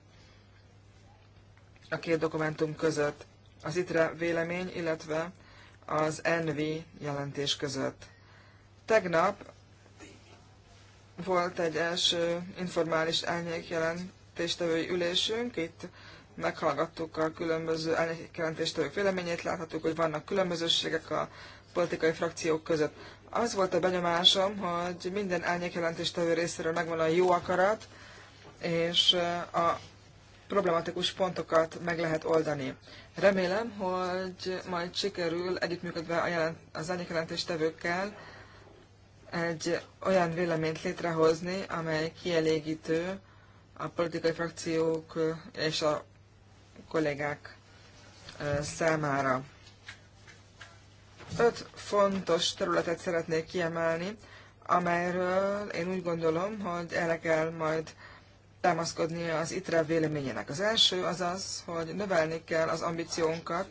a két dokumentum között, az ITRE vélemény, illetve az NV jelentés között. Tegnap volt egy első informális elnyékjelentéstevői ülésünk, itt meghallgattuk a különböző elnyékjelentéstevők véleményét, láthattuk, hogy vannak különbözőségek a politikai frakciók között. Az volt a benyomásom, hogy minden elnyékjelentéstevő részéről megvan a jó akarat, és a problematikus pontokat meg lehet oldani. Remélem, hogy majd sikerül együttműködve az jelentéstevőkkel egy olyan véleményt létrehozni, amely kielégítő a politikai frakciók és a kollégák számára. Öt fontos területet szeretnék kiemelni, amelyről én úgy gondolom, hogy erre kell majd támaszkodni az ITRE véleményének. Az első az az, hogy növelni kell az ambíciónkat,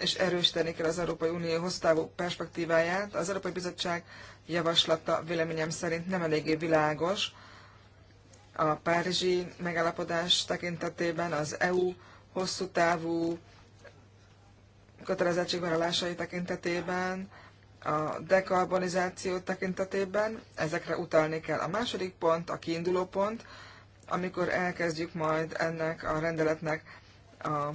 és erősíteni kell az Európai Unió hosszú perspektíváját. Az Európai Bizottság javaslata véleményem szerint nem eléggé világos. A párizsi megállapodás tekintetében az EU hosszú távú kötelezettségvállalásai tekintetében, a dekarbonizáció tekintetében, ezekre utalni kell. A második pont, a kiinduló pont, amikor elkezdjük majd ennek a rendeletnek a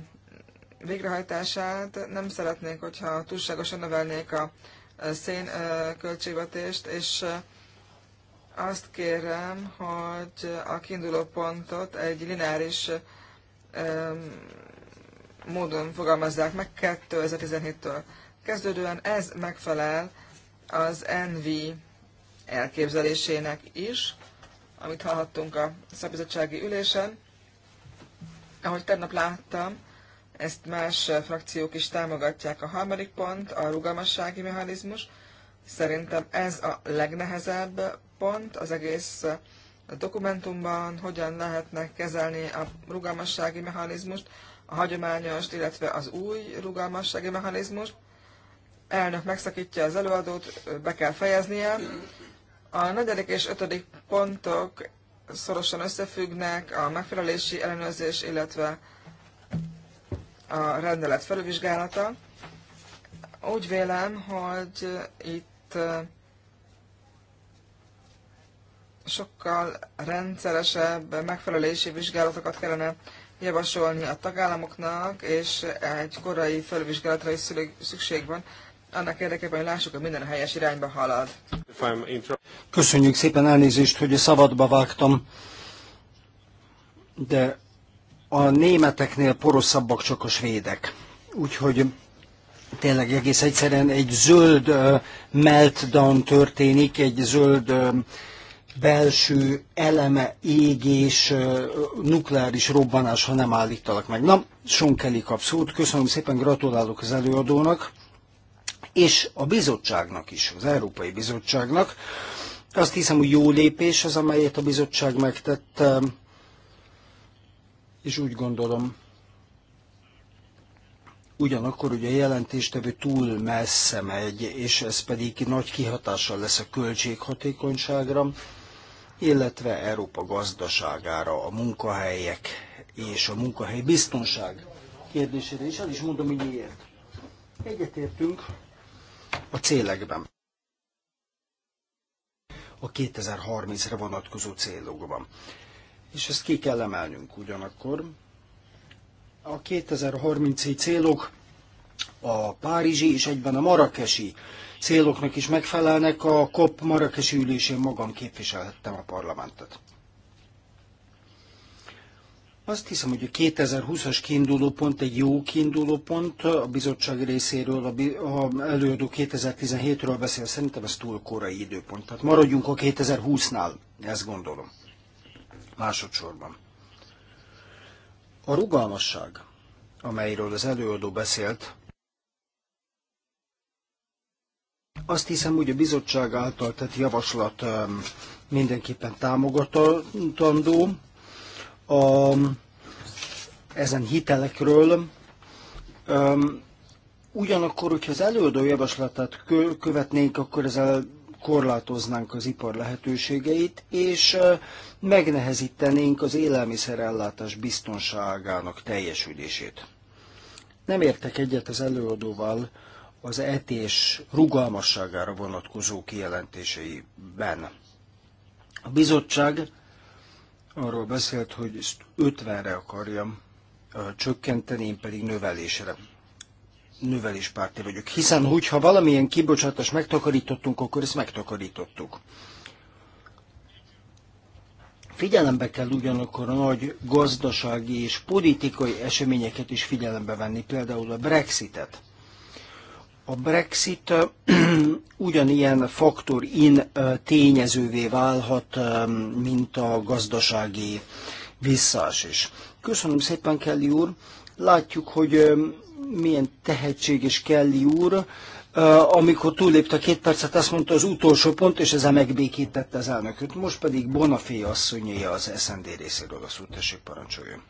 végrehajtását. Nem szeretnék, hogyha túlságosan növelnék a szén költségvetést, és azt kérem, hogy a kiinduló pontot egy lineáris módon fogalmazzák meg 2017-től. Kezdődően ez megfelel az NV elképzelésének is, amit hallhattunk a szabizottsági ülésen. Ahogy tegnap láttam, ezt más frakciók is támogatják. A harmadik pont a rugalmassági mechanizmus. Szerintem ez a legnehezebb pont az egész dokumentumban, hogyan lehetne kezelni a rugalmassági mechanizmust, a hagyományos, illetve az új rugalmassági mechanizmust. Elnök megszakítja az előadót, be kell fejeznie, a negyedik és ötödik pontok szorosan összefüggnek a megfelelési ellenőrzés, illetve a rendelet felülvizsgálata. Úgy vélem, hogy itt sokkal rendszeresebb megfelelési vizsgálatokat kellene javasolni a tagállamoknak, és egy korai felvizsgálatra is szükség van annak érdekében, hogy lássuk, hogy minden a helyes irányba halad. Köszönjük szépen elnézést, hogy a szabadba vágtam, de a németeknél poroszabbak csak a svédek. Úgyhogy tényleg egész egyszerűen egy zöld uh, meltdown történik, egy zöld uh, belső eleme égés, uh, nukleáris robbanás, ha nem állítalak meg. Na, kap szót, köszönöm szépen, gratulálok az előadónak és a bizottságnak is, az Európai Bizottságnak. Azt hiszem, hogy jó lépés az, amelyet a bizottság megtett, um, és úgy gondolom, ugyanakkor ugye a jelentéstevő túl messze megy, és ez pedig nagy kihatással lesz a költséghatékonyságra, illetve Európa gazdaságára, a munkahelyek és a munkahely biztonság kérdésére, és el is mondom, hogy miért. Egyetértünk a célekben. A 2030 re vonatkozó célokban. És ezt ki kell emelnünk ugyanakkor. A 2030-i célok a párizsi és egyben a marakesi céloknak is megfelelnek. A COP marakesi ülésén magam képviselhettem a parlamentet. Azt hiszem, hogy a 2020-as kiinduló pont egy jó kiinduló pont a bizottság részéről, a, a előadó 2017-ről beszél, szerintem ez túl korai időpont. Tehát maradjunk a 2020-nál, ezt gondolom. Másodszorban. A rugalmasság, amelyről az előadó beszélt, azt hiszem, hogy a bizottság által tett javaslat um, mindenképpen támogatandó, a, ezen hitelekről. Um, ugyanakkor, hogyha az előadó javaslatát kö, követnénk, akkor ezzel korlátoznánk az ipar lehetőségeit, és megnehezítenénk az élelmiszerellátás biztonságának teljesülését. Nem értek egyet az előadóval az etés rugalmasságára vonatkozó kijelentéseiben. A bizottság arról beszélt, hogy ezt 50-re csökkenteni, én pedig növelésre. Növeléspárti vagyok. Hiszen, hogyha valamilyen kibocsátást megtakarítottunk, akkor ezt megtakarítottuk. Figyelembe kell ugyanakkor a nagy gazdasági és politikai eseményeket is figyelembe venni, például a Brexitet a Brexit ugyanilyen faktor in tényezővé válhat, mint a gazdasági visszaesés. Köszönöm szépen, Kelly úr. Látjuk, hogy milyen tehetséges Kelly úr, amikor túllépte a két percet, azt mondta az utolsó pont, és ezzel megbékítette az elnököt. Most pedig Bonafé asszonyéja az SND részéről a szót, tessék parancsoljon.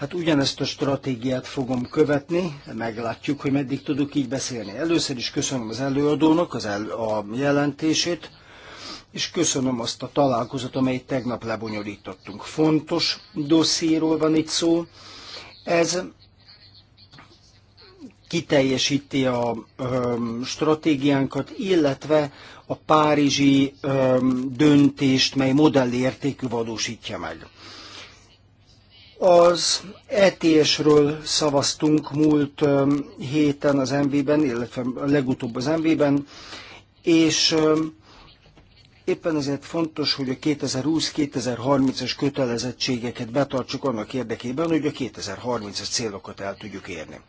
Hát ugyanezt a stratégiát fogom követni, meglátjuk, hogy meddig tudok így beszélni. Először is köszönöm az előadónak az el, a jelentését, és köszönöm azt a találkozót, amelyet tegnap lebonyolítottunk. Fontos dossziéról van itt szó. Ez kiteljesíti a ö, stratégiánkat, illetve a párizsi ö, döntést, mely modellértékű valósítja meg. Az ETS-ről szavaztunk múlt héten az MV-ben, illetve legutóbb az MV-ben, és éppen ezért fontos, hogy a 2020-2030-as kötelezettségeket betartsuk annak érdekében, hogy a 2030-as célokat el tudjuk érni.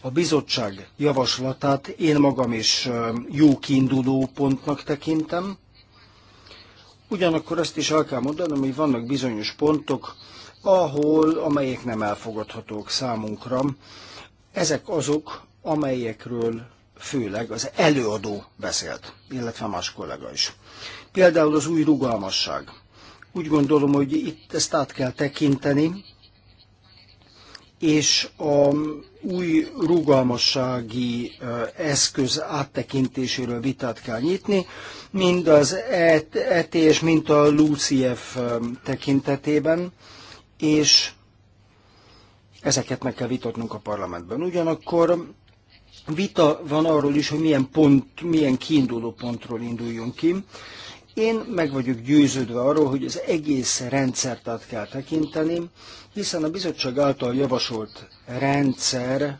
A bizottság javaslatát én magam is jó kiinduló pontnak tekintem, ugyanakkor azt is el kell mondanom, hogy vannak bizonyos pontok, ahol, amelyek nem elfogadhatók számunkra. Ezek azok, amelyekről főleg az előadó beszélt, illetve más kollega is. Például az új rugalmasság. Úgy gondolom, hogy itt ezt át kell tekinteni, és a új rugalmassági eszköz áttekintéséről vitát kell nyitni, mind az ETS, mint a LUCF tekintetében és ezeket meg kell vitatnunk a parlamentben. Ugyanakkor vita van arról is, hogy milyen pont, milyen kiinduló pontról induljunk ki. Én meg vagyok győződve arról, hogy az egész rendszert át kell tekinteni, hiszen a bizottság által javasolt rendszer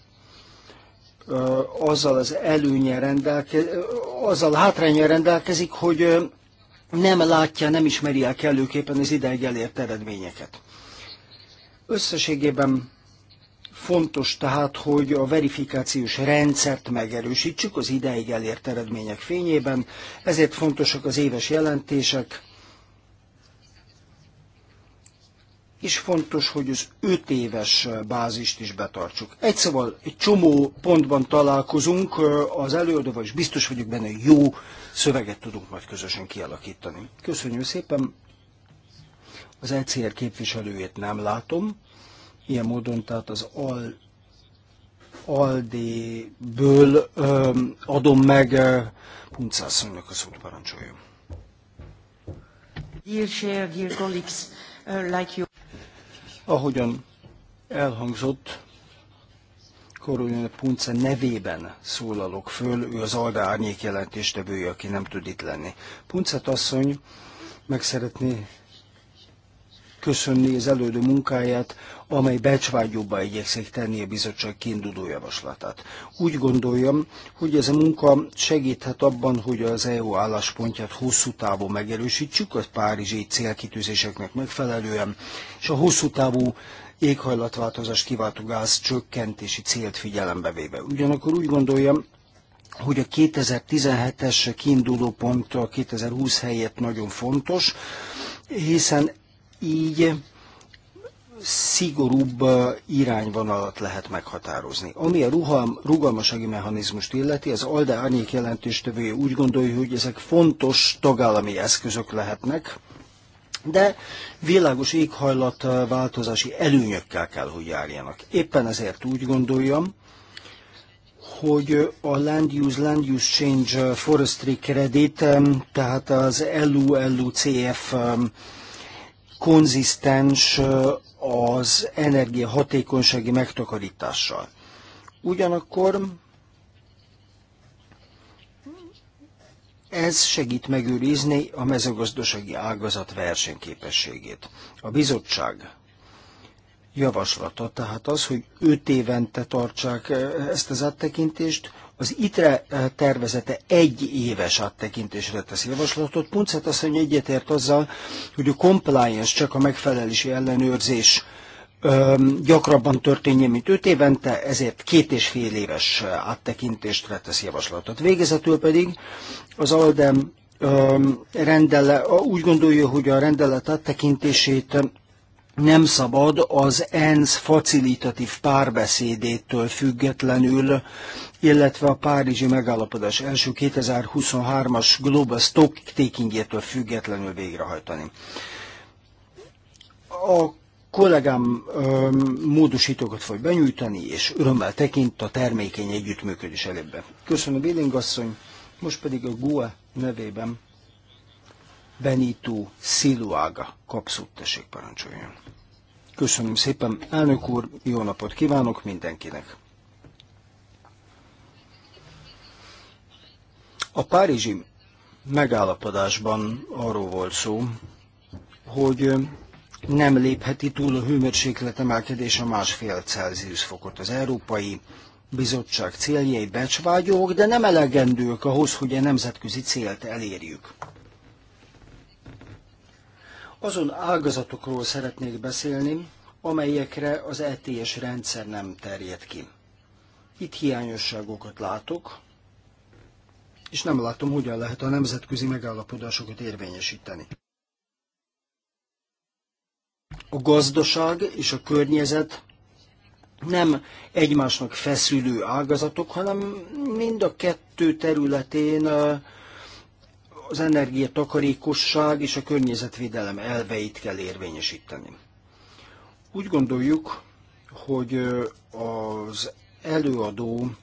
azzal az előnye rendelkezik, azzal hátrányjal rendelkezik, hogy nem látja, nem ismeri el kellőképpen az ideig elért eredményeket. Összességében fontos tehát, hogy a verifikációs rendszert megerősítsük az ideig elért eredmények fényében, ezért fontosak az éves jelentések, és fontos, hogy az öt éves bázist is betartsuk. Egy szóval egy csomó pontban találkozunk az előadóval, és biztos vagyok benne, hogy jó szöveget tudunk majd közösen kialakítani. Köszönjük szépen, az ECR képviselőjét nem látom, ilyen módon tehát az AL, ALDE-ből adom meg Puncászonynak a szót parancsoljon. Dear chair, dear colleagues, uh, like you... Ahogyan elhangzott, Korolina Punce nevében szólalok föl, ő az Alda Árnyék jelentéstevője, aki nem tud itt lenni. Puncet asszony meg szeretné köszönni az elődő munkáját, amely becsvágyóba igyekszik tenni a bizottság kiinduló javaslatát. Úgy gondoljam, hogy ez a munka segíthet abban, hogy az EU álláspontját hosszú távon megerősítsük, a párizsi célkitűzéseknek megfelelően, és a hosszú távú éghajlatváltozás kiváltó gáz csökkentési célt figyelembe véve. Ugyanakkor úgy gondoljam, hogy a 2017-es kiinduló pont a 2020 helyett nagyon fontos, hiszen így szigorúbb irányvonalat lehet meghatározni. Ami a ruham, rugalmasági mechanizmust illeti, az Alde Árnyék jelentéstevője úgy gondolja, hogy ezek fontos tagállami eszközök lehetnek, de világos éghajlatváltozási előnyökkel kell, hogy járjanak. Éppen ezért úgy gondoljam, hogy a Land Use, Land Use Change Forestry Credit, tehát az LULUCF konzisztens az energia hatékonysági megtakarítással. Ugyanakkor Ez segít megőrizni a mezőgazdasági ágazat versenyképességét. A bizottság javaslata tehát az, hogy öt évente tartsák ezt az áttekintést, az ITRE eh, tervezete egy éves áttekintésre teszi javaslatot. Puncet mondja, egyetért azzal, hogy a compliance csak a megfelelési ellenőrzés gyakrabban történjen, mint öt évente, ezért két és fél éves eh, áttekintésre teszi javaslatot. Végezetül pedig az Aldem rendele, úgy gondolja, hogy a rendelet áttekintését nem szabad az ENSZ facilitatív párbeszédétől függetlenül illetve a Párizsi megállapodás első 2023-as Global Stock taking függetlenül végrehajtani. A kollégám ö, módosítókat fog benyújtani, és örömmel tekint a termékeny együttműködés elébe. Köszönöm, Billing asszony, most pedig a GUA e nevében Benito Siluaga kapszót tessék parancsoljon. Köszönöm szépen, elnök úr, jó napot kívánok mindenkinek! A párizsi megállapodásban arról volt szó, hogy nem lépheti túl a hőmérséklet emelkedés a másfél Celsius fokot. Az Európai Bizottság céljai becsvágyók, de nem elegendők ahhoz, hogy a nemzetközi célt elérjük. Azon ágazatokról szeretnék beszélni, amelyekre az ETS rendszer nem terjed ki. Itt hiányosságokat látok, és nem látom, hogyan lehet a nemzetközi megállapodásokat érvényesíteni. A gazdaság és a környezet nem egymásnak feszülő ágazatok, hanem mind a kettő területén az energiatakarékosság és a környezetvédelem elveit kell érvényesíteni. Úgy gondoljuk, hogy az előadó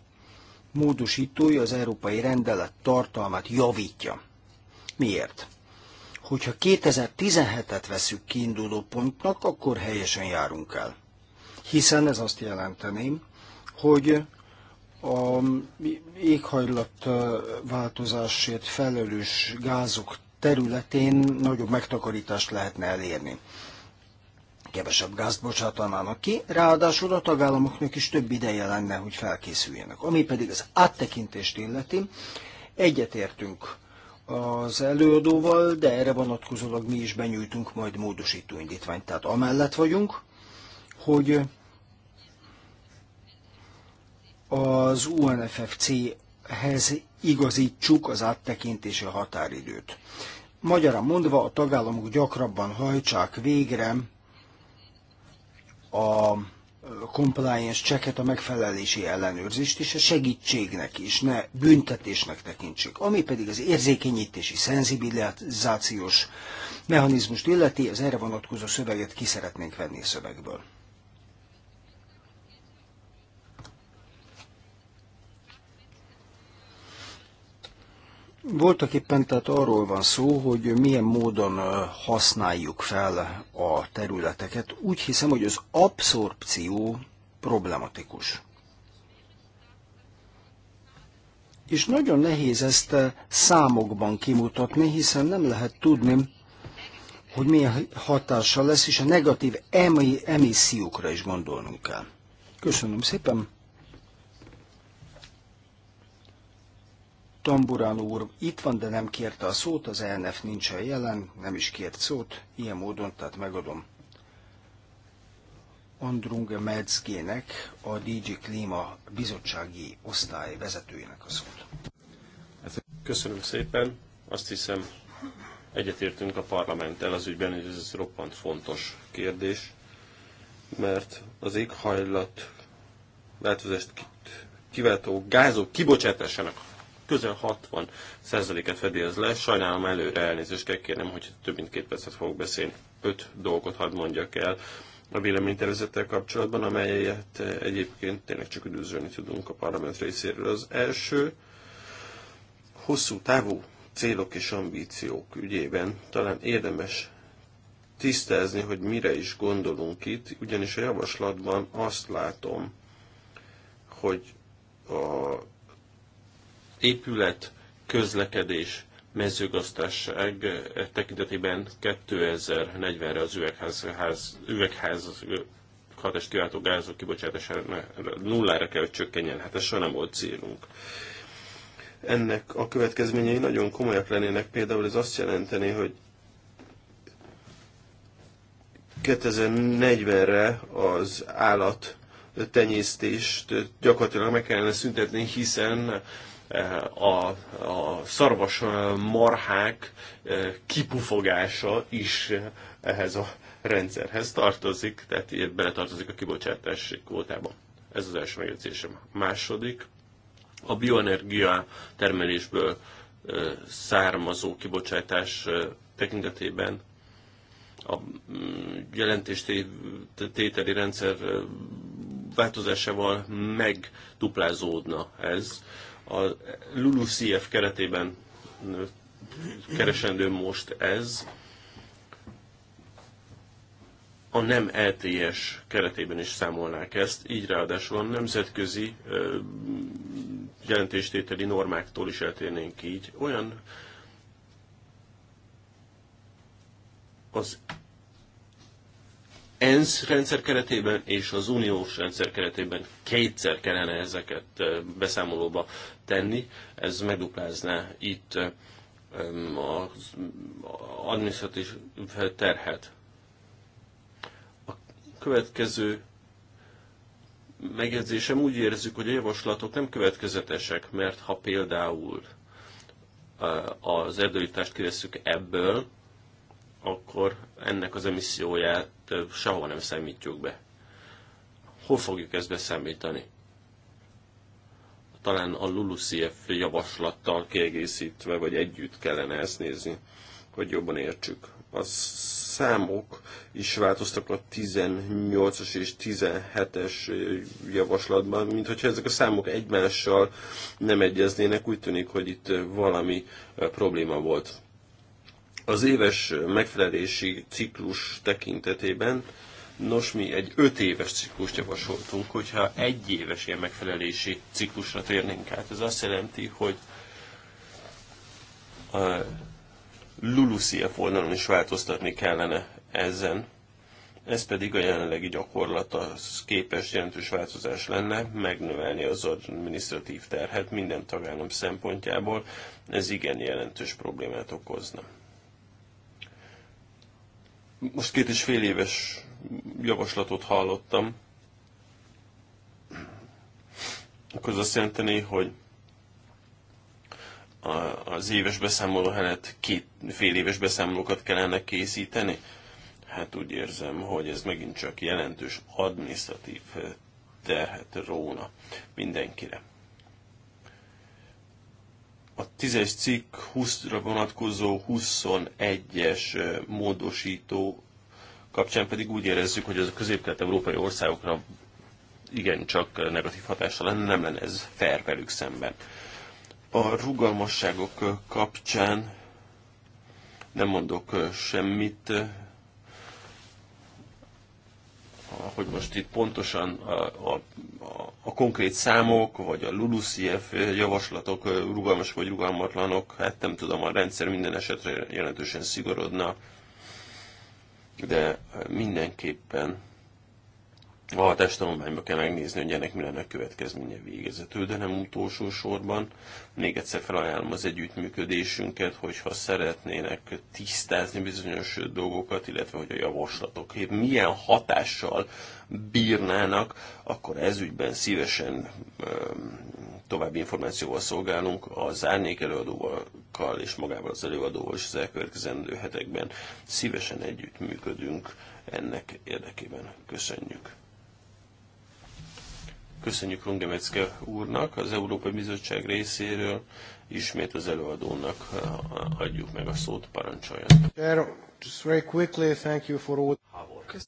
módosítója az európai rendelet tartalmát javítja. Miért? Hogyha 2017-et veszük kiinduló pontnak, akkor helyesen járunk el. Hiszen ez azt jelenteném, hogy a éghajlatváltozásért felelős gázok területén nagyobb megtakarítást lehetne elérni kevesebb gázt bocsátanának ki, ráadásul a tagállamoknak is több ideje lenne, hogy felkészüljenek. Ami pedig az áttekintést illeti, egyetértünk az előadóval, de erre vonatkozólag mi is benyújtunk majd módosító indítványt. Tehát amellett vagyunk, hogy az UNFFC-hez igazítsuk az áttekintési határidőt. Magyarán mondva, a tagállamok gyakrabban hajtsák végre a compliance checket, a megfelelési ellenőrzést, és a segítségnek is, ne büntetésnek tekintsük. Ami pedig az érzékenyítési, szenzibilizációs mechanizmust illeti, az erre vonatkozó szöveget ki szeretnénk venni a szövegből. Voltak éppen tehát arról van szó, hogy milyen módon használjuk fel a területeket. Úgy hiszem, hogy az abszorpció problematikus. És nagyon nehéz ezt számokban kimutatni, hiszen nem lehet tudni, hogy milyen hatással lesz, és a negatív emissziókra is gondolnunk kell. Köszönöm szépen! Tamburán úr itt van, de nem kérte a szót, az e nincs nincsen jelen, nem is kért szót, ilyen módon, tehát megadom Andrunge Medzgének, a DG Klíma bizottsági osztály vezetőjének a szót. Köszönöm szépen, azt hiszem egyetértünk a parlamenttel az ügyben, hogy ez roppant fontos kérdés, mert az éghajlat változást kiváltó gázok kibocsátásának közel 60 százaléket fedi le. Sajnálom előre elnézést kell kérnem, hogy több mint két percet fogok beszélni. Öt dolgot hadd mondjak el a véleménytervezettel kapcsolatban, amelyet egyébként tényleg csak üdvözölni tudunk a parlament részéről. Az első hosszú távú célok és ambíciók ügyében talán érdemes tisztázni, hogy mire is gondolunk itt, ugyanis a javaslatban azt látom, hogy a épület, közlekedés, mezőgazdaság tekintetében 2040-re az üvegházház, üvegház hatás kiváltó gázok kibocsátására nullára kell, hogy csökkenjen. Hát ez soha nem volt célunk. Ennek a következményei nagyon komolyak lennének. Például ez azt jelenteni, hogy 2040-re az állat tenyésztést gyakorlatilag meg kellene szüntetni, hiszen Eh, a, a szarvas eh, marhák eh, kipufogása is ehhez a rendszerhez tartozik, tehát beletartozik a kibocsátási kvótába. Ez az első megjegyzésem. Második, a bioenergia termelésből származó kibocsátás tekintetében a mm, jelentéstételi rendszer változásával megduplázódna ez. A LULUCF keretében keresendő most ez, a nem LTS e keretében is számolnák ezt, így ráadásul a nemzetközi jelentéstételi normáktól is eltérnénk így. Olyan az ENSZ rendszer keretében és az uniós rendszer keretében kétszer kellene ezeket beszámolóba tenni. Ez megduplázná itt az adminisztratív terhet. A következő megjegyzésem úgy érezzük, hogy a javaslatok nem következetesek, mert ha például az erdőítást kivesszük ebből, akkor ennek az emisszióját sehol nem számítjuk be. Hol fogjuk ezt beszámítani? Talán a LULUCF javaslattal kiegészítve, vagy együtt kellene ezt nézni, hogy jobban értsük. A számok is változtak a 18-as és 17-es javaslatban, mint hogyha ezek a számok egymással nem egyeznének, úgy tűnik, hogy itt valami probléma volt az éves megfelelési ciklus tekintetében Nos, mi egy öt éves ciklust javasoltunk, hogyha egy éves ilyen megfelelési ciklusra térnénk át. Ez azt jelenti, hogy a Lulusia fordalon is változtatni kellene ezen. Ez pedig a jelenlegi az képes jelentős változás lenne, megnövelni az administratív terhet minden tagállam szempontjából. Ez igen jelentős problémát okozna. Most két és fél éves javaslatot hallottam. Akkor az azt jelenteni, hogy az éves beszámoló helyett két fél éves beszámolókat kellene készíteni. Hát úgy érzem, hogy ez megint csak jelentős administratív eh, terhet róna mindenkire a 10-es cikk 20-ra vonatkozó 21-es módosító kapcsán pedig úgy érezzük, hogy az a közép-kelet-európai országokra igencsak negatív hatása lenne, nem lenne ez fair velük szemben. A rugalmasságok kapcsán nem mondok semmit, hogy most itt pontosan a, a, a konkrét számok, vagy a LULUCF javaslatok rugalmas vagy rugalmatlanok, hát nem tudom, a rendszer minden esetre jelentősen szigorodna, de mindenképpen a hatástanulmányba kell megnézni, hogy ennek mi lenne a következménye végezetül, de nem utolsó sorban. Még egyszer felajánlom az együttműködésünket, hogyha szeretnének tisztázni bizonyos dolgokat, illetve hogy a javaslatok hogy milyen hatással bírnának, akkor ezügyben szívesen további információval szolgálunk az árnyék előadókkal és magával az előadóval és az elkövetkezendő hetekben. Szívesen együttműködünk ennek érdekében. Köszönjük! Köszönjük Rungemecke úrnak, az Európai Bizottság részéről ismét az előadónak eh, adjuk meg a szót, parancsoljon. Just very quickly, thank you for all...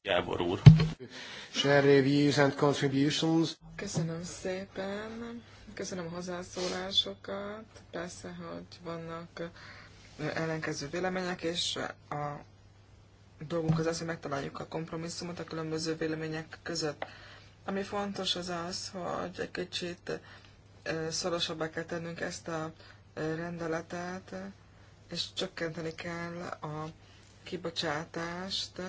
Gábor úr. Share views and contributions. Köszönöm szépen, köszönöm a hozzászólásokat, persze, hogy vannak eh, ellenkező vélemények, és a dolgunk az az, hogy megtaláljuk a kompromisszumot a különböző vélemények között. Ami fontos az az, hogy egy kicsit szorosabbá kell tennünk ezt a rendeletet, és csökkenteni kell a kibocsátást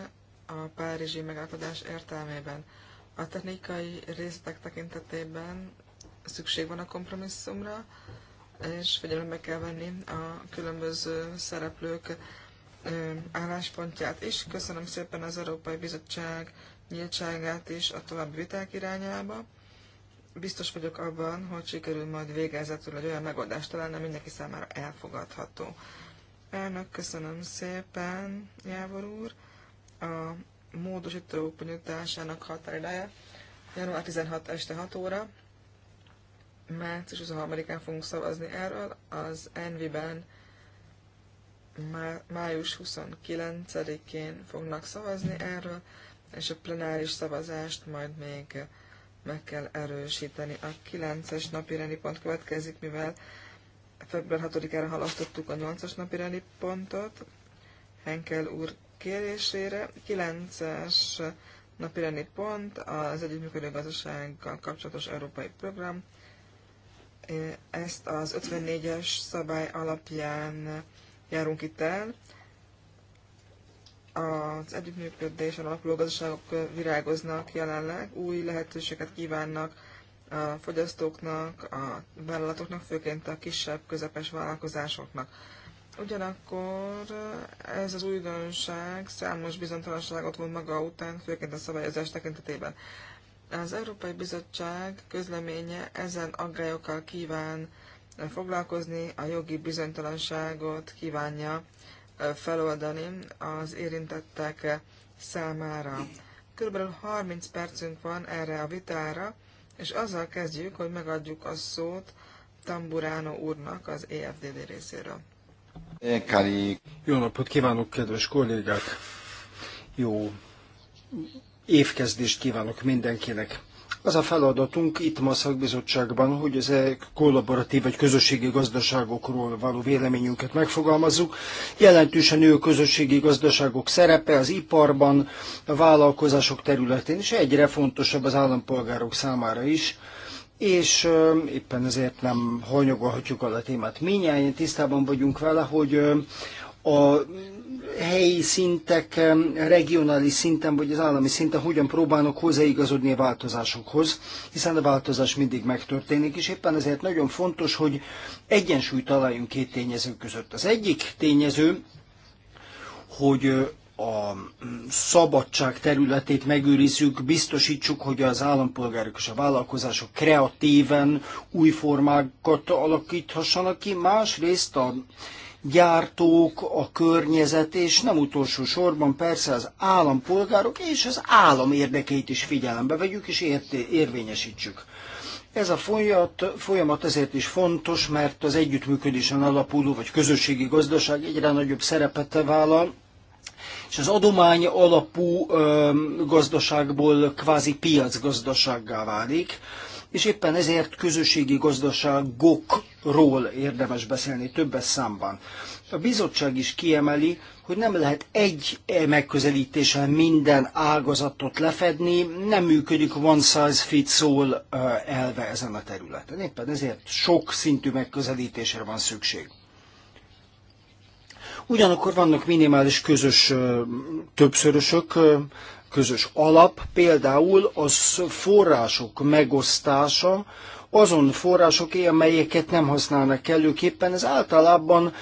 a párizsi megállapodás értelmében. A technikai részletek tekintetében szükség van a kompromisszumra, és figyelembe kell venni a különböző szereplők álláspontját is. Köszönöm szépen az Európai Bizottság nyíltságát is a további viták irányába. Biztos vagyok abban, hogy sikerül majd végezetül egy olyan megoldást találni, mindenki számára elfogadható. Elnök, köszönöm szépen, Jávor úr. A módosítók benyújtásának határideje január 16 este 6 óra. Március 23-án fogunk szavazni erről. Az Envi-ben május 29-én fognak szavazni erről, és a plenáris szavazást majd még meg kell erősíteni. A 9-es napi rendi pont következik, mivel február 6-ára halasztottuk a 8-as napi rendi pontot Henkel úr kérésére. 9-es napi rendi pont az együttműködő gazdasággal kapcsolatos európai program. Ezt az 54-es szabály alapján járunk itt el az együttműködésen alapuló gazdaságok virágoznak jelenleg, új lehetőséget kívánnak a fogyasztóknak, a vállalatoknak, főként a kisebb, közepes vállalkozásoknak. Ugyanakkor ez az újdonság számos bizonytalanságot von maga után, főként a szabályozás tekintetében. Az Európai Bizottság közleménye ezen aggályokkal kíván foglalkozni, a jogi bizonytalanságot kívánja feloldani az érintettek számára. Körülbelül 30 percünk van erre a vitára, és azzal kezdjük, hogy megadjuk a szót Tamburáno úrnak az EFDD részéről. Kari. Jó napot kívánok, kedves kollégák! Jó évkezdést kívánok mindenkinek! Az a feladatunk itt ma a szakbizottságban, hogy az kollaboratív vagy közösségi gazdaságokról való véleményünket megfogalmazzuk. Jelentősen nő a közösségi gazdaságok szerepe az iparban, a vállalkozások területén, és egyre fontosabb az állampolgárok számára is és éppen ezért nem hanyagolhatjuk el a témát. Minnyáján tisztában vagyunk vele, hogy a helyi szintek, regionális szinten vagy az állami szinten hogyan próbálnak hozzáigazodni a változásokhoz, hiszen a változás mindig megtörténik, és éppen ezért nagyon fontos, hogy egyensúlyt találjunk két tényező között. Az egyik tényező, hogy a szabadság területét megőrizzük, biztosítsuk, hogy az állampolgárok és a vállalkozások kreatíven új formákat alakíthassanak ki, másrészt a gyártók, a környezet, és nem utolsó sorban persze az állampolgárok és az állam érdekeit is figyelembe vegyük és érté érvényesítsük. Ez a folyamat, folyamat ezért is fontos, mert az együttműködésen alapuló vagy közösségi gazdaság egyre nagyobb szerepet vállal, és az adomány alapú ö, gazdaságból kvázi piacgazdasággá válik és éppen ezért közösségi gazdaságokról érdemes beszélni többes számban. A bizottság is kiemeli, hogy nem lehet egy megközelítéssel minden ágazatot lefedni, nem működik one size fits all eh, elve ezen a területen. Éppen ezért sok szintű megközelítésre van szükség. Ugyanakkor vannak minimális közös eh, többszörösök, eh, közös alap például az források megosztása, azon források, amelyeket nem használnak előképpen, ez általában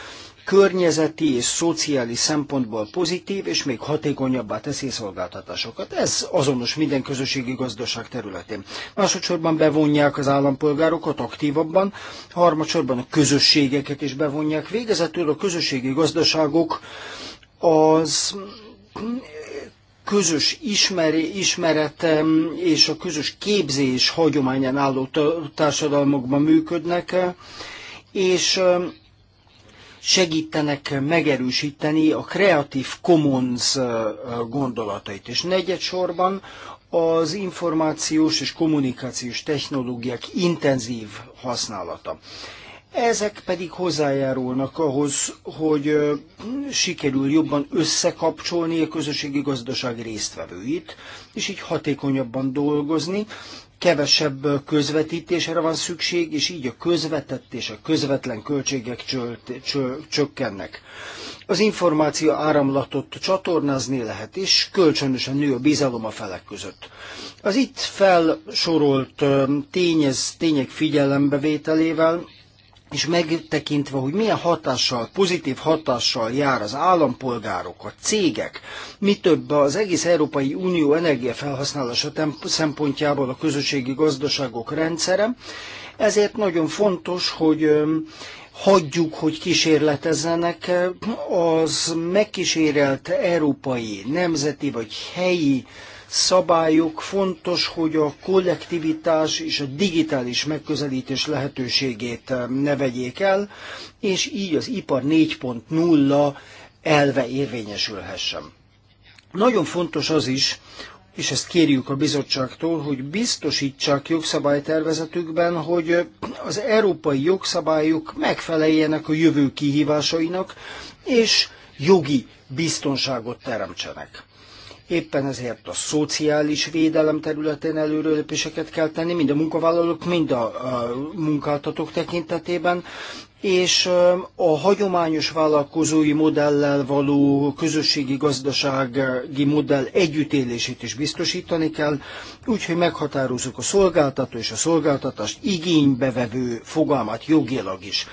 környezeti és szociális szempontból pozitív, és még hatékonyabbá teszi szolgáltatásokat. Ez azonos minden közösségi gazdaság területén. Másodszorban bevonják az állampolgárokat aktívabban, harmadsorban a közösségeket is bevonják. Végezetül a közösségi gazdaságok az közös ismeri, ismeret és a közös képzés hagyományán álló társadalmakban működnek, és um, segítenek megerősíteni a Creative Commons uh, gondolatait. És negyedsorban az információs és kommunikációs technológiák intenzív használata. Ezek pedig hozzájárulnak ahhoz, hogy sikerül jobban összekapcsolni a közösségi gazdaság résztvevőit, és így hatékonyabban dolgozni. Kevesebb közvetítésre van szükség, és így a közvetett és a közvetlen költségek csökkennek. Az információ áramlatot csatornázni lehet, és kölcsönösen nő a bizalom a felek között. Az itt felsorolt tényez, tények figyelembevételével és megtekintve, hogy milyen hatással, pozitív hatással jár az állampolgárok, a cégek, mi több az egész Európai Unió energiafelhasználása szempontjából a közösségi gazdaságok rendszere, ezért nagyon fontos, hogy hagyjuk, hogy kísérletezzenek, az megkísérelt európai, nemzeti vagy helyi szabályok, fontos, hogy a kollektivitás és a digitális megközelítés lehetőségét eh, ne vegyék el, és így az ipar 4.0 elve érvényesülhessen. Nagyon fontos az is, és ezt kérjük a bizottságtól, hogy biztosítsák jogszabálytervezetükben, hogy az európai jogszabályok megfeleljenek a jövő kihívásainak, és jogi biztonságot teremtsenek. Éppen ezért a szociális védelem területén előrelépéseket kell tenni, mind a munkavállalók, mind a, a munkáltatók tekintetében, és a hagyományos vállalkozói modellel való közösségi gazdasági modell együttélését is biztosítani kell, úgyhogy meghatározzuk a szolgáltató és a szolgáltatást igénybevevő fogalmat jogilag is.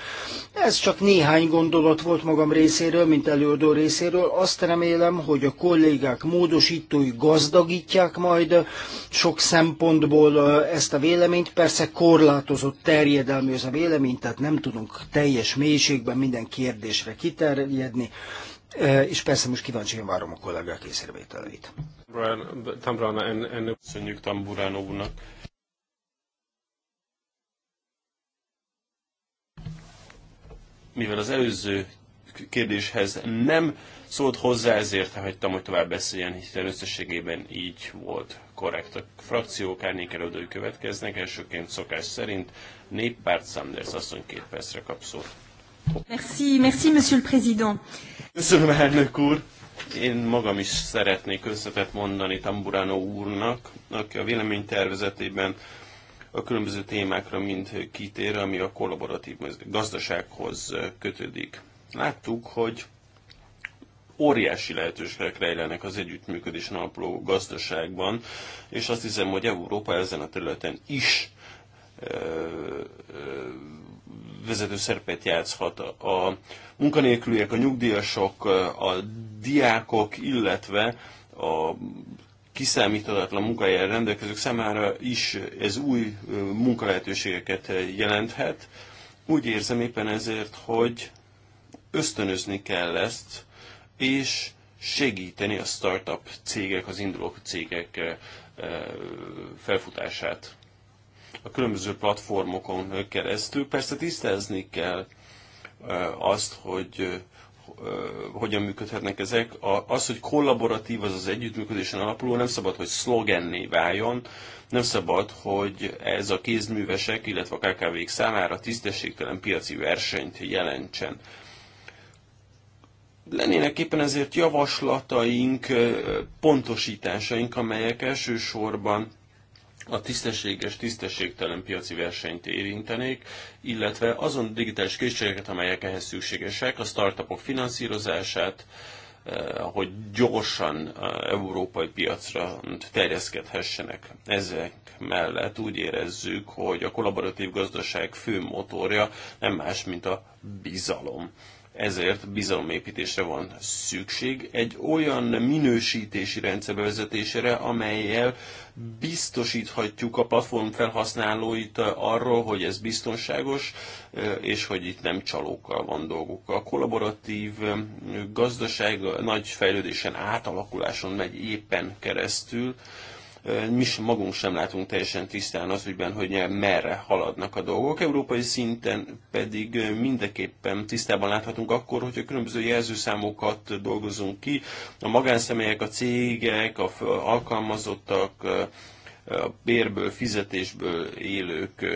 Ez csak néhány gondolat volt magam részéről, mint előadó részéről. Azt remélem, hogy a kollégák módosítói gazdagítják majd sok szempontból ezt a véleményt. Persze korlátozott terjedelmű ez a vélemény, tehát nem tudunk teljes mélységben minden kérdésre kiterjedni, e, és persze most én várom a kollégák észrevételeit. Tambrana, ennek köszönjük Tamburánó úrnak. Mivel az előző kérdéshez nem szólt hozzá, ezért hagytam, hogy tovább beszéljen, hiszen összességében így volt korrekt. A frakciók árnyékelődői következnek, elsőként szokás szerint néppárt Sanders asszony két percre kap szót. Merci, merci, monsieur le président. Köszönöm, elnök úr. Én magam is szeretnék összetett mondani Tamburano úrnak, aki a vélemény tervezetében a különböző témákra mind kitér, ami a kollaboratív gazdasághoz kötődik. Láttuk, hogy óriási lehetőségek rejlenek az együttműködés napló gazdaságban, és azt hiszem, hogy Európa ezen a területen is vezető szerepet játszhat a munkanélküliek, a nyugdíjasok, a diákok, illetve a kiszámíthatatlan munkahelyen rendelkezők számára is ez új munkalehetőségeket jelenthet. Úgy érzem éppen ezért, hogy ösztönözni kell ezt, és segíteni a startup cégek, az induló cégek eh, eh, felfutását a különböző platformokon keresztül. Persze tisztázni kell eh, azt, hogy hogyan működhetnek ezek. Az, hogy kollaboratív, az az együttműködésen alapuló, nem szabad, hogy szlogenné váljon, nem szabad, hogy ez a kézművesek, illetve a KKV-k számára tisztességtelen piaci versenyt jelentsen. Lennének éppen ezért javaslataink, pontosításaink, amelyek elsősorban a tisztességes, tisztességtelen piaci versenyt érintenék, illetve azon digitális készségeket, amelyek ehhez szükségesek, a startupok finanszírozását, hogy gyorsan európai piacra terjeszkedhessenek. Ezek mellett úgy érezzük, hogy a kollaboratív gazdaság fő motorja nem más, mint a bizalom ezért bizalomépítésre van szükség, egy olyan minősítési rendszer bevezetésére, amelyel biztosíthatjuk a platform felhasználóit arról, hogy ez biztonságos, és hogy itt nem csalókkal van dolguk. A kollaboratív gazdaság nagy fejlődésen, átalakuláson megy éppen keresztül, mi sem magunk sem látunk teljesen tisztán az ügyben, hogy merre haladnak a dolgok. Európai szinten pedig mindenképpen tisztában láthatunk akkor, hogy a különböző jelzőszámokat dolgozunk ki, a magánszemélyek, a cégek, a alkalmazottak, a bérből, fizetésből élők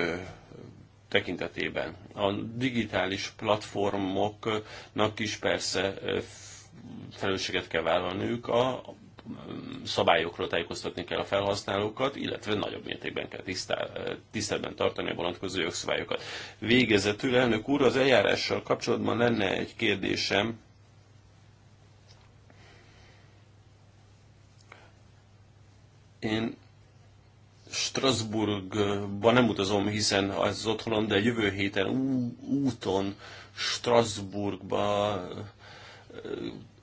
tekintetében. A digitális platformoknak is persze felelősséget kell vállalniuk. A szabályokról tájékoztatni kell a felhasználókat, illetve nagyobb mértékben kell tisztá, tiszteletben tartani a vonatkozó jogszabályokat. Végezetül, elnök úr, az eljárással kapcsolatban lenne egy kérdésem. Én Strasbourgba nem utazom, hiszen az otthonom, de jövő héten úton Strasbourgba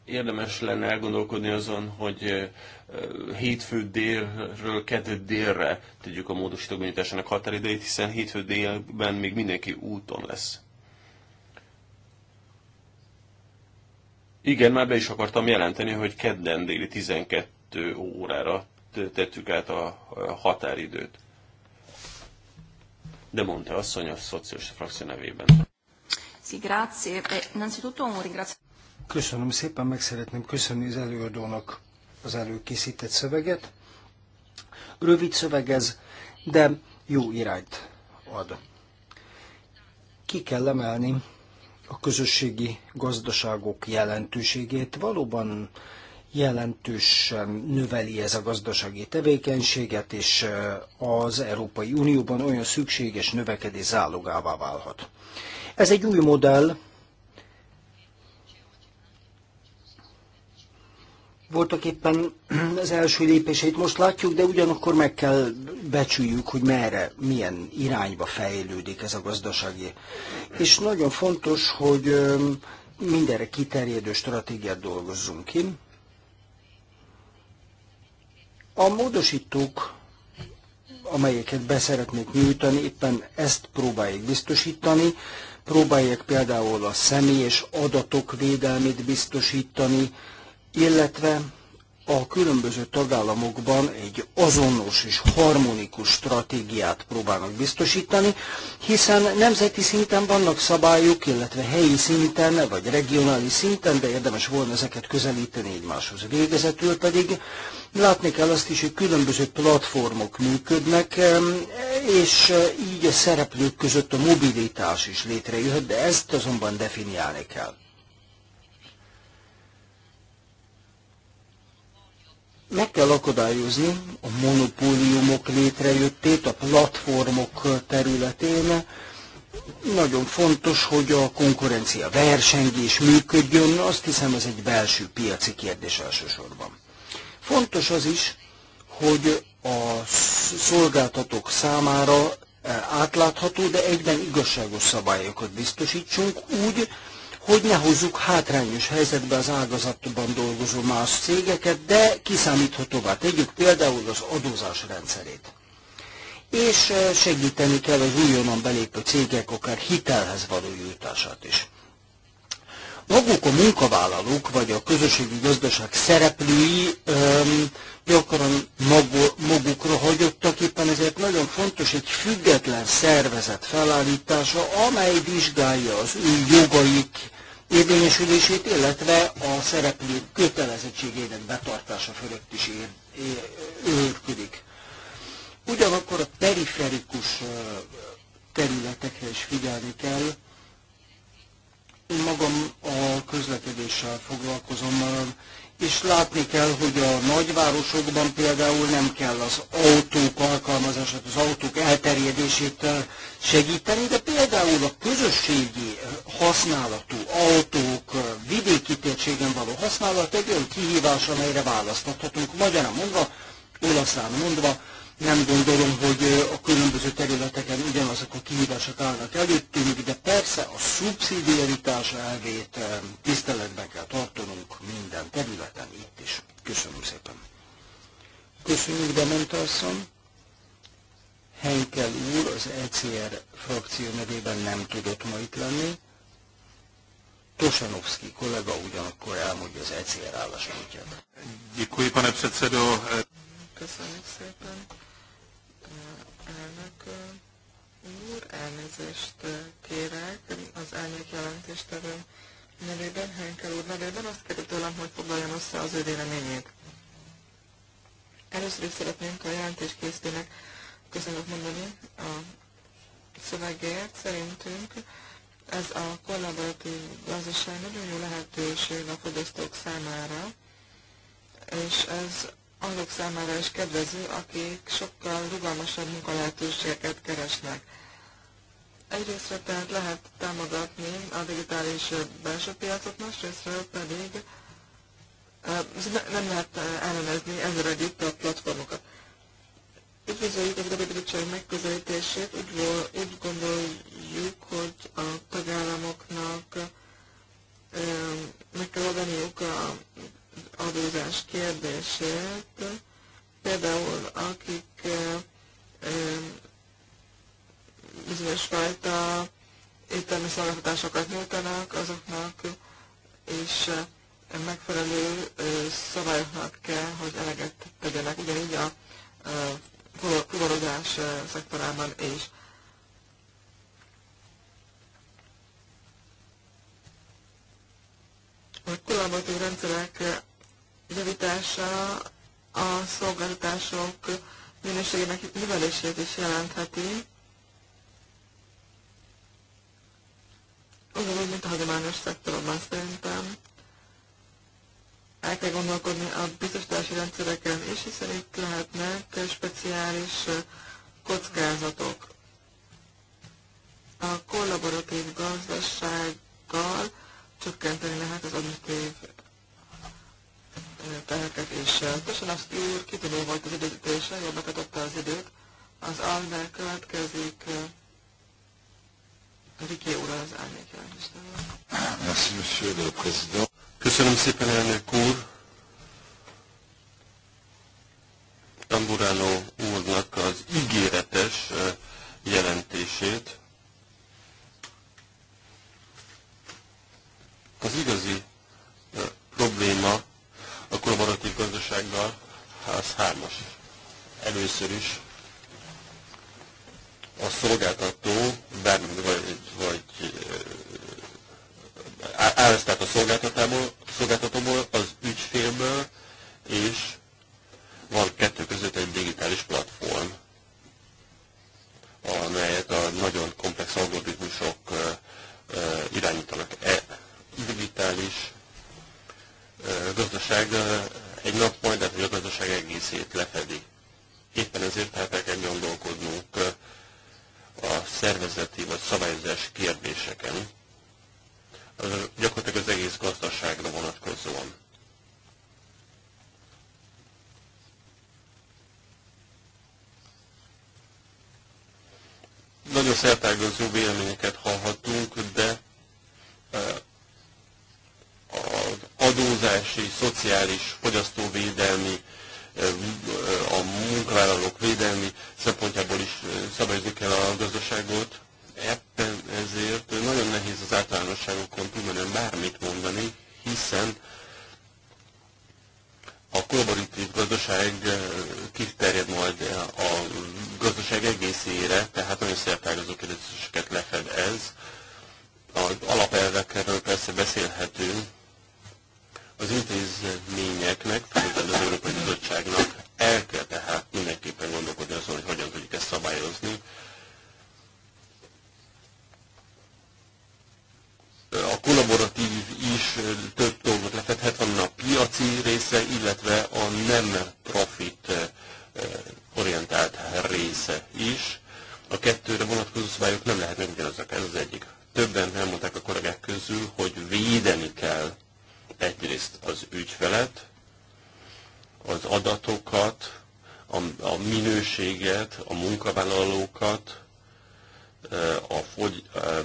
érdemes lenne elgondolkodni azon, hogy hétfő délről kettő délre tegyük a módosítók benyújtásának határidejét, hiszen hétfő délben még mindenki úton lesz. Igen, már be is akartam jelenteni, hogy kedden déli 12 órára tettük át a határidőt. De mondta asszony a szociális frakció nevében. Sì, grazie. Eh, innanzitutto un ringraziamento. Köszönöm szépen, meg szeretném köszönni az előadónak az előkészített szöveget. Rövid szöveg ez, de jó irányt ad. Ki kell emelni a közösségi gazdaságok jelentőségét. Valóban jelentősen növeli ez a gazdasági tevékenységet, és az Európai Unióban olyan szükséges növekedés zálogává válhat. Ez egy új modell, voltak éppen az első lépéseit most látjuk, de ugyanakkor meg kell becsüljük, hogy merre, milyen irányba fejlődik ez a gazdasági. És nagyon fontos, hogy mindenre kiterjedő stratégiát dolgozzunk ki. A módosítók, amelyeket beszeretnék nyújtani, éppen ezt próbálják biztosítani, próbálják például a személyes adatok védelmét biztosítani, illetve a különböző tagállamokban egy azonos és harmonikus stratégiát próbálnak biztosítani, hiszen nemzeti szinten vannak szabályok, illetve helyi szinten, vagy regionális szinten, de érdemes volna ezeket közelíteni egymáshoz. Végezetül pedig látni kell azt is, hogy különböző platformok működnek, és eh, így a szereplők között a mobilitás is létrejöhet, de ezt azonban definiálni kell. Meg kell akadályozni a monopóliumok létrejöttét a platformok területén. Nagyon fontos, hogy a konkurencia versengés működjön, azt hiszem ez egy belső piaci kérdés elsősorban. Fontos az is, hogy a szolgáltatók számára eh, átlátható, de egyben igazságos szabályokat biztosítsunk úgy, hogy ne hozzuk hátrányos helyzetbe az ágazatban dolgozó más cégeket, de kiszámíthatóvá tegyük például az adózás rendszerét. És eh, segíteni kell az újonnan belépő cégek akár hitelhez való jutását is. Maguk a munkavállalók vagy a közösségi gazdaság szereplői öm, gyakran magu, magukra hagyottak, éppen ezért nagyon fontos egy független szervezet felállítása, amely vizsgálja az ő jogaik érvényesülését, illetve a szereplő kötelezettségének betartása fölött is ér, Ugyanakkor a periferikus területekre is figyelni kell. Én magam a közlekedéssel foglalkozom, és látni kell, hogy a nagyvárosokban például nem kell az autók alkalmazását, az autók elterjedését eh, segíteni, de például a közösségi eh, használatú autók eh, vidéki térségen való használat egy olyan kihívás, amelyre választhatunk. Magyarán mondva, olaszán mondva, nem gondolom, hogy a különböző területeken ugyanazok a kihívások állnak előttünk, de persze a szubszidiaritás elvét tiszteletben kell tartanunk minden területen itt is. Köszönöm szépen. Köszönjük, de mondta Henkel úr az ECR frakció nevében nem tudott ma itt lenni. Tosanovski kollega ugyanakkor elmondja az ECR álláspontját. Děkuji, pane předsedo. Köszönjük szépen elnök úr, elnézést kérek az elnök jelentéstevő nevében, Henkel úr nevében, azt kérte tőlem, hogy foglaljon össze az ő véleményét. Először is szeretnénk a jelentéskészítőnek köszönöm mondani a szövegért. Szerintünk ez a kollaboratív gazdaság nagyon jó lehetőség a fogyasztók számára, és ez azok számára is kedvező, akik sokkal rugalmasabb munkalehetőségeket keresnek. Egyrésztről tehát lehet támogatni a digitális belső piacot, másrésztről pedig nem lehet ellenezni ezzel együtt a platformokat. Üdvözöljük az Európai Bizottság megközelítését, úgy, úgy gondoljuk, hogy a tagállamoknak meg kell adniuk a adózás kérdését, például akik bizonyos fajta éttermi szolgáltatásokat nyújtanak, azoknak is megfelelő szabályoknak kell, hogy eleget tegyenek, ugyanígy a fuvarozás szektorában is. A kollaboratív rendszerek javítása a szolgáltatások minőségének növelését is jelentheti. Ugyanúgy, mint a hagyományos szektorban szerintem el kell gondolkodni a biztosítási rendszereken is, hiszen itt lehetnek speciális kockázatok. A kollaboratív gazdasággal csökkenteni lehet az adminisztratív és is. azt úr kitűnő volt az időzítése, jól betartotta az időt. Az Alner következik Riké úr az elnök Köszönöm szépen, elnök úr! Tamburano úrnak az ígéretes jelentését. Az igazi probléma a kollaboratív gazdasággal, az hármas. Először is a szolgáltató, bármi vagy, vagy áll tehát a szolgáltatóból, szolgáltatóból, az ügyfélből, és van kettő között egy digitális platform, amelyet a nagyon komplex algoritmusok eh, eh, irányítanak. E digitális gazdaság egy nap majdnem, hát, hogy a gazdaság egészét lefedi. Éppen ezért tehát el kell gondolkodnunk a szervezeti vagy szabályozási kérdéseken, gyakorlatilag az egész gazdaságra vonatkozóan. Nagyon szertágazó véleményeket hallhatunk, de az adózási, szociális, fogyasztóvédelmi, a munkavállalók védelmi szempontjából is szabályozni kell a gazdaságot. Ebben ezért nagyon nehéz az általánosságokon túlmenően bármit mondani, hiszen a kollaboratív gazdaság kiterjed majd a gazdaság egészére, tehát nagyon szertágazó kérdéseket lefed ez. Az alapelvekről persze beszélhetünk, az intézményeknek, főleg az Európai Bizottságnak el kell tehát mindenképpen gondolkodni azon, hogy hogyan tudjuk ezt szabályozni. A kollaboratív is több dolgot lefedhet, van a piaci része, illetve a nem profit eh, orientált része is. A kettőre vonatkozó szabályok nem lehetnek ugyanazok, ez az egyik. Többen elmondták a kollégák közül, hogy védeni kell egyrészt az ügyfelet, az adatokat, a, a minőséget, a munkavállalókat, eh, a, fogy, eh,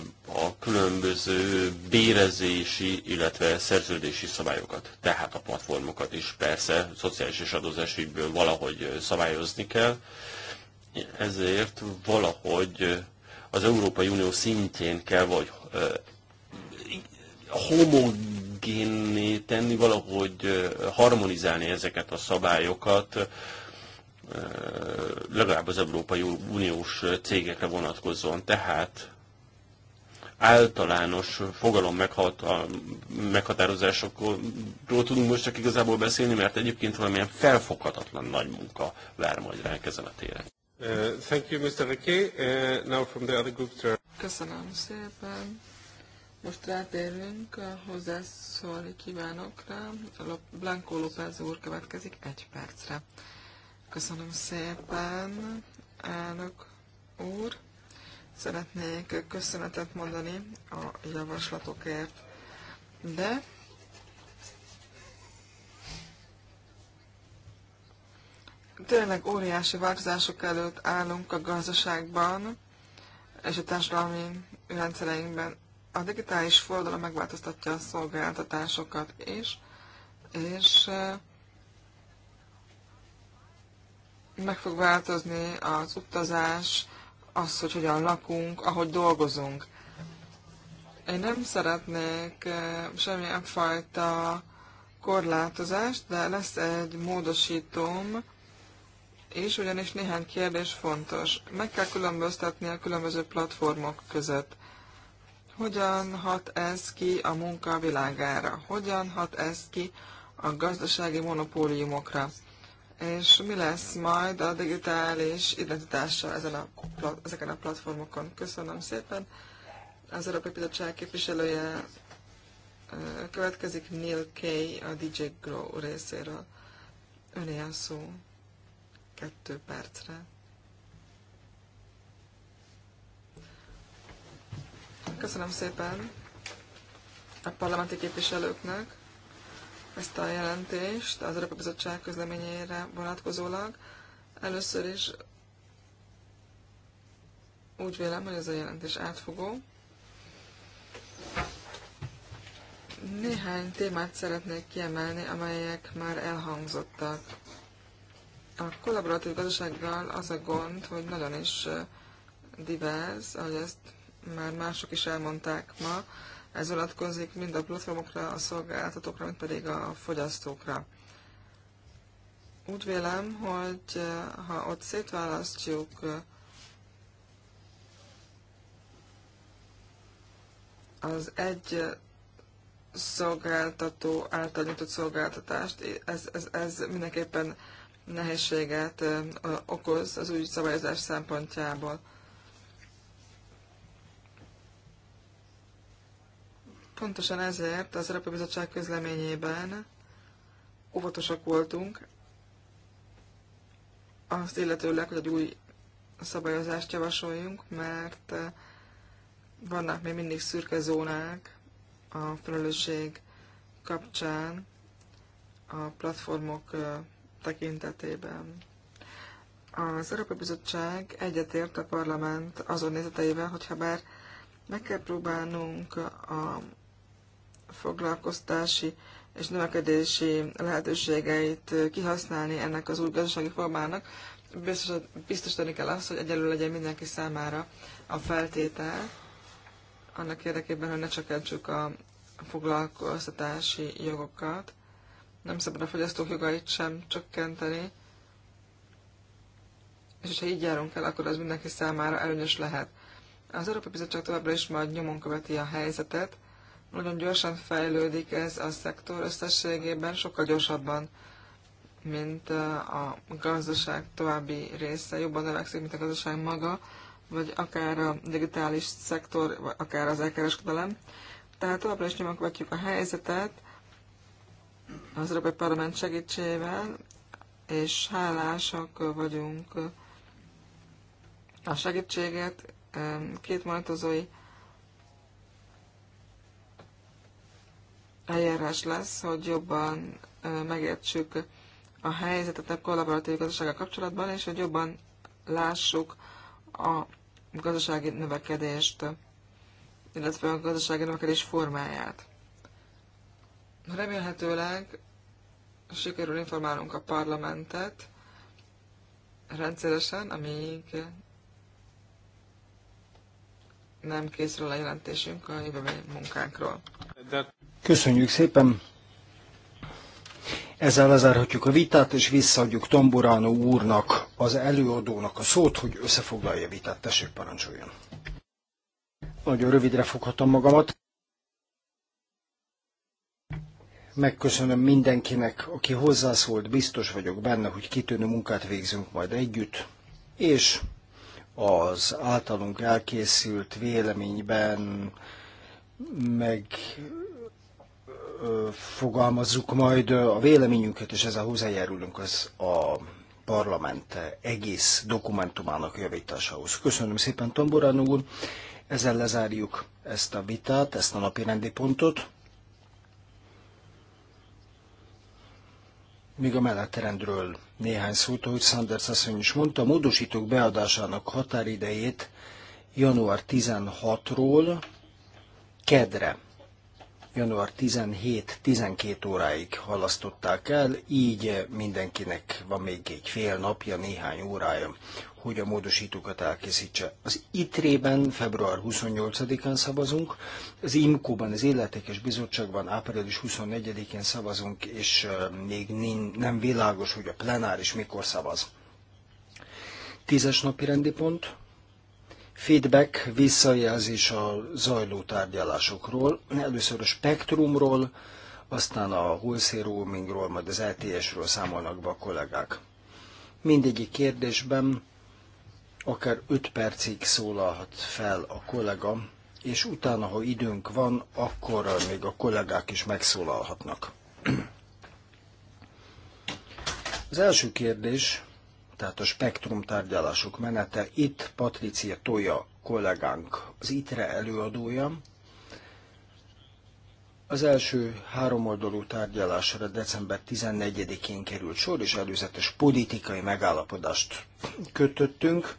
a különböző bérezési, illetve szerződési szabályokat. Tehát a platformokat is persze szociális és adózás ügyből valahogy eh, szabályozni kell. Ezért valahogy az Európai Unió szintjén kell, vagy homogén homogénné tenni, valahogy harmonizálni ezeket a szabályokat, legalább az Európai Uniós cégekre vonatkozóan. Tehát általános fogalom meghatározásokról tudunk most csak igazából beszélni, mert egyébként valamilyen felfoghatatlan nagy munka vár majd ránk ezen a téren. Uh, thank you, Mr. Riquet. Uh, now from the other group. Köszönöm szépen. Most rátérünk eh, hozzászólni rá. Blanco López úr következik egy percre. Köszönöm szépen, elnök úr. Szeretnék köszönetet mondani a javaslatokért, de tényleg óriási változások előtt állunk a gazdaságban és a társadalmi rendszereinkben a digitális forradalom megváltoztatja a szolgáltatásokat is, és meg fog változni az utazás, az, hogy hogyan lakunk, ahogy dolgozunk. Én nem szeretnék semmilyen fajta korlátozást, de lesz egy módosítóm, és ugyanis néhány kérdés fontos. Meg kell különböztetni a különböző platformok között. Hogyan hat ez ki a munka világára? Hogyan hat ez ki a gazdasági monopóliumokra? És mi lesz majd a digitális identitással ezen a, ezeken a platformokon? Köszönöm szépen. Az Európai Bizottság képviselője következik Neil Kay a DJ Grow részéről. Öné a szó kettő percre. Köszönöm szépen a parlamenti képviselőknek ezt a jelentést az Európai Bizottság közleményére vonatkozólag. Először is úgy vélem, hogy ez a jelentés átfogó. Néhány témát szeretnék kiemelni, amelyek már elhangzottak. A kollaboratív gazdasággal az a gond, hogy nagyon is eh, divers, ahogy ezt már mások is elmondták ma, ez vonatkozik mind a platformokra, a szolgáltatókra, mint pedig a fogyasztókra. Úgy vélem, hogy eh, ha ott szétválasztjuk eh, az egy eh, szolgáltató által nyújtott szolgáltatást, ez, ez, ez mindenképpen nehézséget okoz az új szabályozás szempontjából. Pontosan ezért az Európai Bizottság közleményében óvatosak voltunk, azt illetőleg, hogy egy új szabályozást javasoljunk, mert eh, vannak még mindig szürke zónák a felelősség kapcsán a platformok eh, tekintetében. Az Európai Bizottság egyetért a parlament azon nézeteivel, hogyha bár meg kell próbálnunk a foglalkoztási és növekedési lehetőségeit kihasználni ennek az új gazdasági formának, biztosítani kell azt, hogy egyelő legyen mindenki számára a feltétel, annak érdekében, hogy ne csökkentsük a foglalkoztatási jogokat. Nem szabad a fogyasztók jogait sem csökkenteni, és ha így járunk el, akkor az mindenki számára előnyös lehet. Az Európai Bizottság továbbra is majd nyomon követi a helyzetet, nagyon gyorsan fejlődik ez a szektor összességében, sokkal gyorsabban, mint a gazdaság további része, jobban növekszik, mint a gazdaság maga, vagy akár a digitális szektor, vagy akár az elkereskedelem. Tehát továbbra is nyomon a helyzetet az Európai Parlament segítségével, és hálásak vagyunk a segítséget. Két monetozói eljárás lesz, hogy jobban megértsük a helyzetet a kollaboratív gazdasággal kapcsolatban, és hogy jobban lássuk a gazdasági növekedést, illetve a gazdasági növekedés formáját. Remélhetőleg sikerül informálnunk a parlamentet rendszeresen, amíg nem készül a jelentésünk a jövőbeni munkánkról. Köszönjük szépen! Ezzel lezárhatjuk a vitát, és visszaadjuk Tomboránó úrnak, az előadónak a szót, hogy összefoglalja a vitát. Tessék, parancsoljon! Nagyon rövidre foghatom magamat. Megköszönöm mindenkinek, aki hozzászólt, biztos vagyok benne, hogy kitűnő munkát végzünk majd együtt, és az általunk elkészült véleményben meg fogalmazzuk majd a véleményünket, és ezzel hozzájárulunk az a parlament egész dokumentumának javításához. Köszönöm szépen, Tomborán úr! Ezzel lezárjuk ezt a vitát, ezt a napi rendi pontot. Míg a mellettrendről néhány szót, ahogy Sanders asszony is mondta, a módosítók beadásának határidejét január 16-ról kedre január 17-12 óráig halasztották el, így mindenkinek van még egy fél napja, néhány órája, hogy a módosítókat elkészítse. Az ITRE-ben február 28-án szavazunk, az IMKO-ban, az Illetékes Bizottságban április 24-én szavazunk, és még nem világos, hogy a plenáris mikor szavaz. Tízes napi rendi pont, feedback, visszajelzés a zajló tárgyalásokról. Először a spektrumról, aztán a wholesale roamingról, majd az LTS-ről e számolnak be a kollégák. Mindegyik kérdésben akár 5 percig szólalhat fel a kollega, és utána, ha időnk van, akkor még a kollégák is megszólalhatnak. Az első kérdés tehát a spektrum tárgyalások menete. Itt Patricia Toja kollégánk, az ITRE előadója. Az első háromoldalú tárgyalásra december 14-én került sor, és előzetes politikai megállapodást kötöttünk.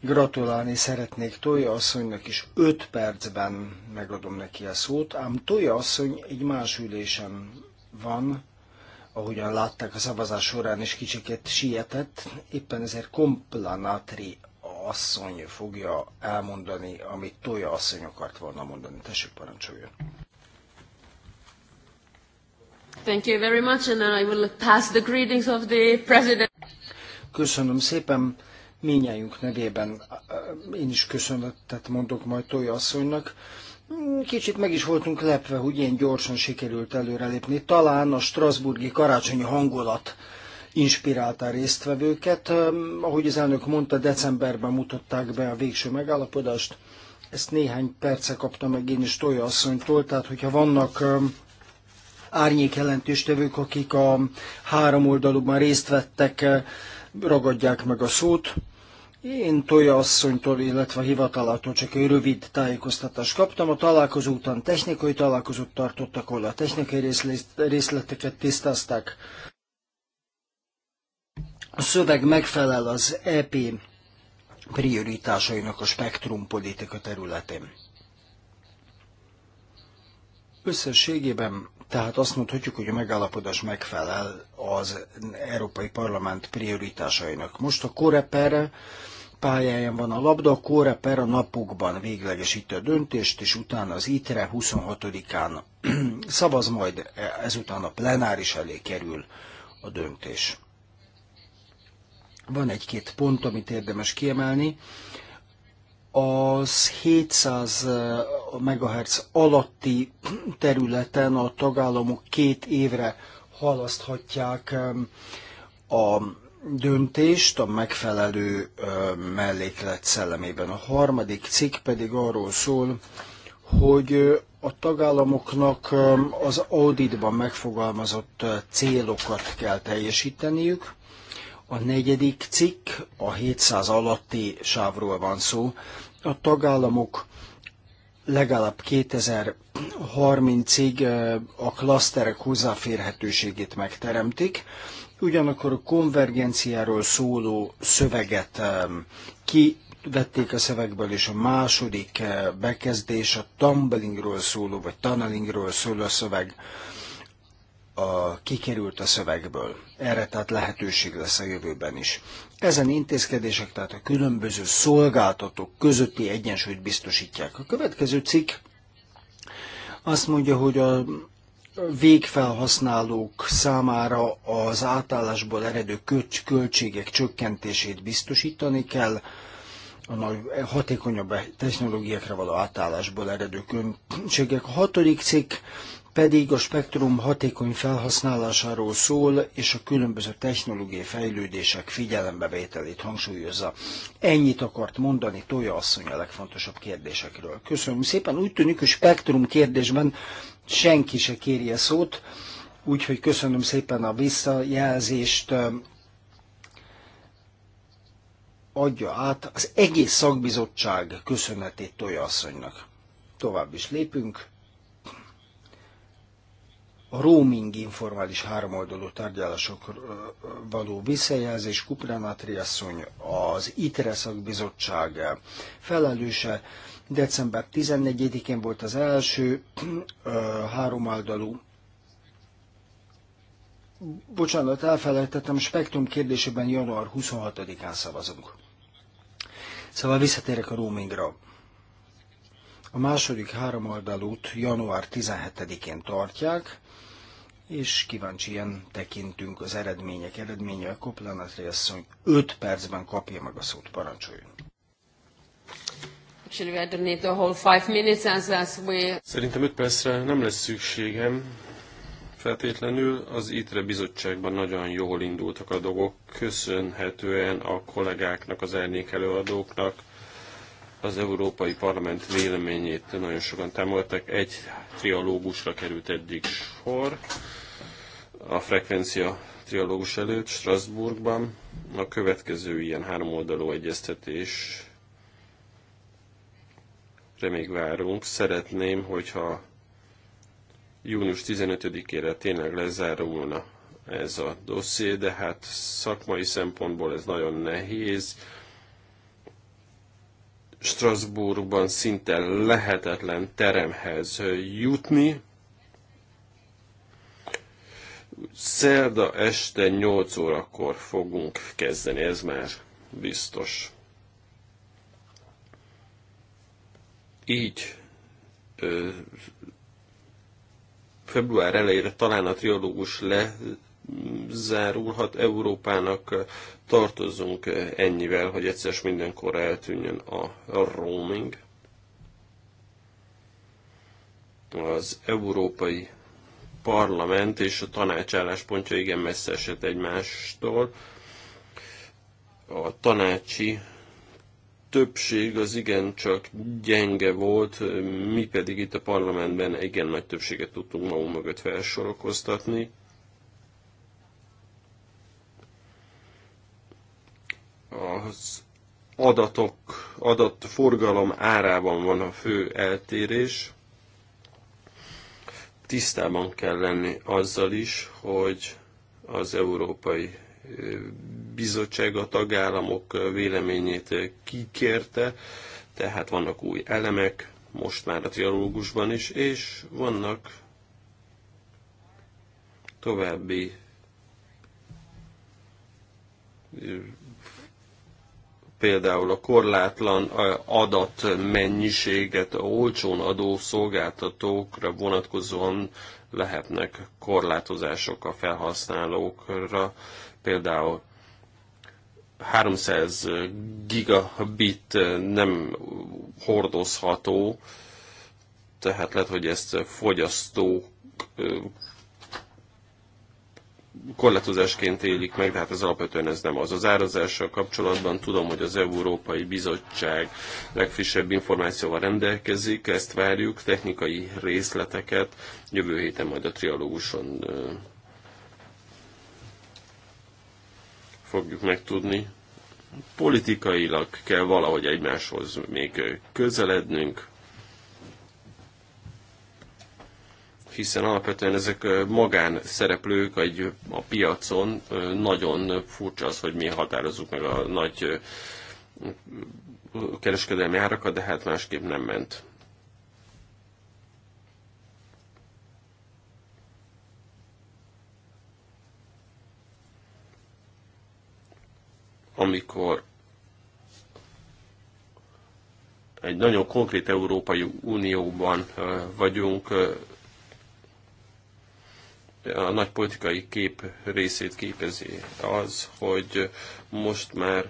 Gratulálni szeretnék Tolja asszonynak is 5 percben megadom neki a szót, ám Tolja asszony egy más ülésen van, ahogyan látták a szavazás során is kicsiket sietett, éppen ezért komplanátri asszony fogja elmondani, amit Tója asszony akart volna mondani. Tessék, parancsoljon. Thank you very much, and I will pass the greetings of the president. Köszönöm szépen. Minnyájunk nevében eh, én is köszönetet mondok majd Tója asszonynak. Kicsit meg is voltunk lepve, hogy ilyen gyorsan sikerült előrelépni. Talán a Strasburgi karácsonyi hangulat inspirálta a résztvevőket. Ahogy az elnök mondta, decemberben mutatták be a végső megállapodást. Ezt néhány perce kaptam meg én is Tolja asszonytól, tehát hogyha vannak árnyék jelentéstevők, akik a három oldalukban részt vettek, ragadják meg a szót. Én Tolya asszonytól, illetve a hivatalától csak egy rövid tájékoztatást kaptam. A találkozó után technikai találkozót tartottak, ahol a technikai részlet, részleteket tisztázták. A szöveg megfelel az EP prioritásainak a spektrum politika területén. Összességében tehát azt mondhatjuk, hogy a megállapodás megfelel az Európai Parlament prioritásainak. Most a Koreper pályáján van a labda, a per a napokban véglegesíti a döntést, és utána az ITRE 26-án szavaz, majd ezután a plenáris elé kerül a döntés. Van egy-két pont, amit érdemes kiemelni. Az 700 eh, MHz alatti területen a tagállamok két évre halaszthatják a döntést a megfelelő melléklet szellemében. A harmadik cikk pedig arról szól, hogy a tagállamoknak az auditban megfogalmazott célokat kell teljesíteniük. A negyedik cikk a 700 alatti sávról van szó. A tagállamok legalább 2030-ig a klaszterek hozzáférhetőségét megteremtik, ugyanakkor a konvergenciáról szóló szöveget ki vették a szövegből, és a második bekezdés a tumblingról szóló, vagy tunnelingről szóló szöveg a, kikerült a szövegből. Erre tehát lehetőség lesz a jövőben is. Ezen intézkedések tehát a különböző szolgáltatók közötti egyensúlyt biztosítják. A következő cikk azt mondja, hogy a végfelhasználók számára az átállásból eredő költségek csökkentését biztosítani kell, a nagy, hatékonyabb technológiákra való átállásból eredő költségek. A hatodik cikk pedig a spektrum hatékony felhasználásáról szól, és a különböző technológiai fejlődések figyelembevételét hangsúlyozza. Ennyit akart mondani Tója asszony a legfontosabb kérdésekről. Köszönöm szépen. Úgy tűnik, hogy spektrum kérdésben senki se kéri a szót, úgyhogy köszönöm szépen a visszajelzést, adja át az egész szakbizottság köszönetét Tolja asszonynak. Tovább is lépünk. A roaming informális háromoldalú tárgyalások való visszajelzés Kupránátri asszony az ITRE szakbizottság felelőse December 14-én volt az első háromáldalú bocsánat, elfelejtettem, spektrum kérdésében január 26-án szavazunk. Szóval visszatérek a roamingra. A második három oldalút január 17-én tartják, és kíváncsian tekintünk az eredmények. Eredménye a Koplanet asszony 5 percben kapja meg a szót, parancsoljon. Szerintem 5 percre nem lesz szükségem. Feltétlenül az ITRE bizottságban nagyon jól indultak a dolgok, köszönhetően a kollégáknak, az elnék előadóknak, az Európai Parlament véleményét nagyon sokan támogatták. Egy trialógusra került eddig sor a frekvencia trialógus előtt Strasbourgban. A következő ilyen háromoldalú egyeztetés este még várunk. Szeretném, hogyha június 15-ére tényleg lezárulna ez a dosszié, de hát szakmai szempontból ez nagyon nehéz. Strasbourgban szinte lehetetlen teremhez jutni. Szerda este 8 órakor fogunk kezdeni, ez már biztos. így ö, február elejére talán a triológus lezárulhat Európának, tartozunk ennyivel, hogy egyszer mindenkor eltűnjön a roaming. Az európai parlament és a tanács álláspontja igen messze esett egymástól. A tanácsi többség az igen csak gyenge volt, mi pedig itt a parlamentben igen nagy többséget tudtunk magunk mögött felsorokoztatni. Az adatok, adatforgalom árában van a fő eltérés. Tisztában kell lenni azzal is, hogy az európai bizottság a tagállamok véleményét kikérte, tehát vannak új elemek, most már a trialógusban is, és vannak további például a korlátlan adatmennyiséget olcsón adó szolgáltatókra vonatkozóan lehetnek korlátozások a felhasználókra, például 300 gigabit nem hordozható, tehát lehet, hogy ezt fogyasztók korlátozásként élik meg, de hát ez alapvetően ez nem az. Az árazással kapcsolatban tudom, hogy az Európai Bizottság legfrissebb információval rendelkezik, ezt várjuk, technikai részleteket jövő héten majd a trialóguson fogjuk megtudni. Politikailag kell valahogy egymáshoz még közelednünk, hiszen alapvetően ezek magán szereplők egy, a piacon. Nagyon furcsa az, hogy mi határozzuk meg a nagy kereskedelmi árakat, de hát másképp nem ment. Amikor egy nagyon konkrét Európai Unióban vagyunk, a nagy politikai kép részét képezi az, hogy most már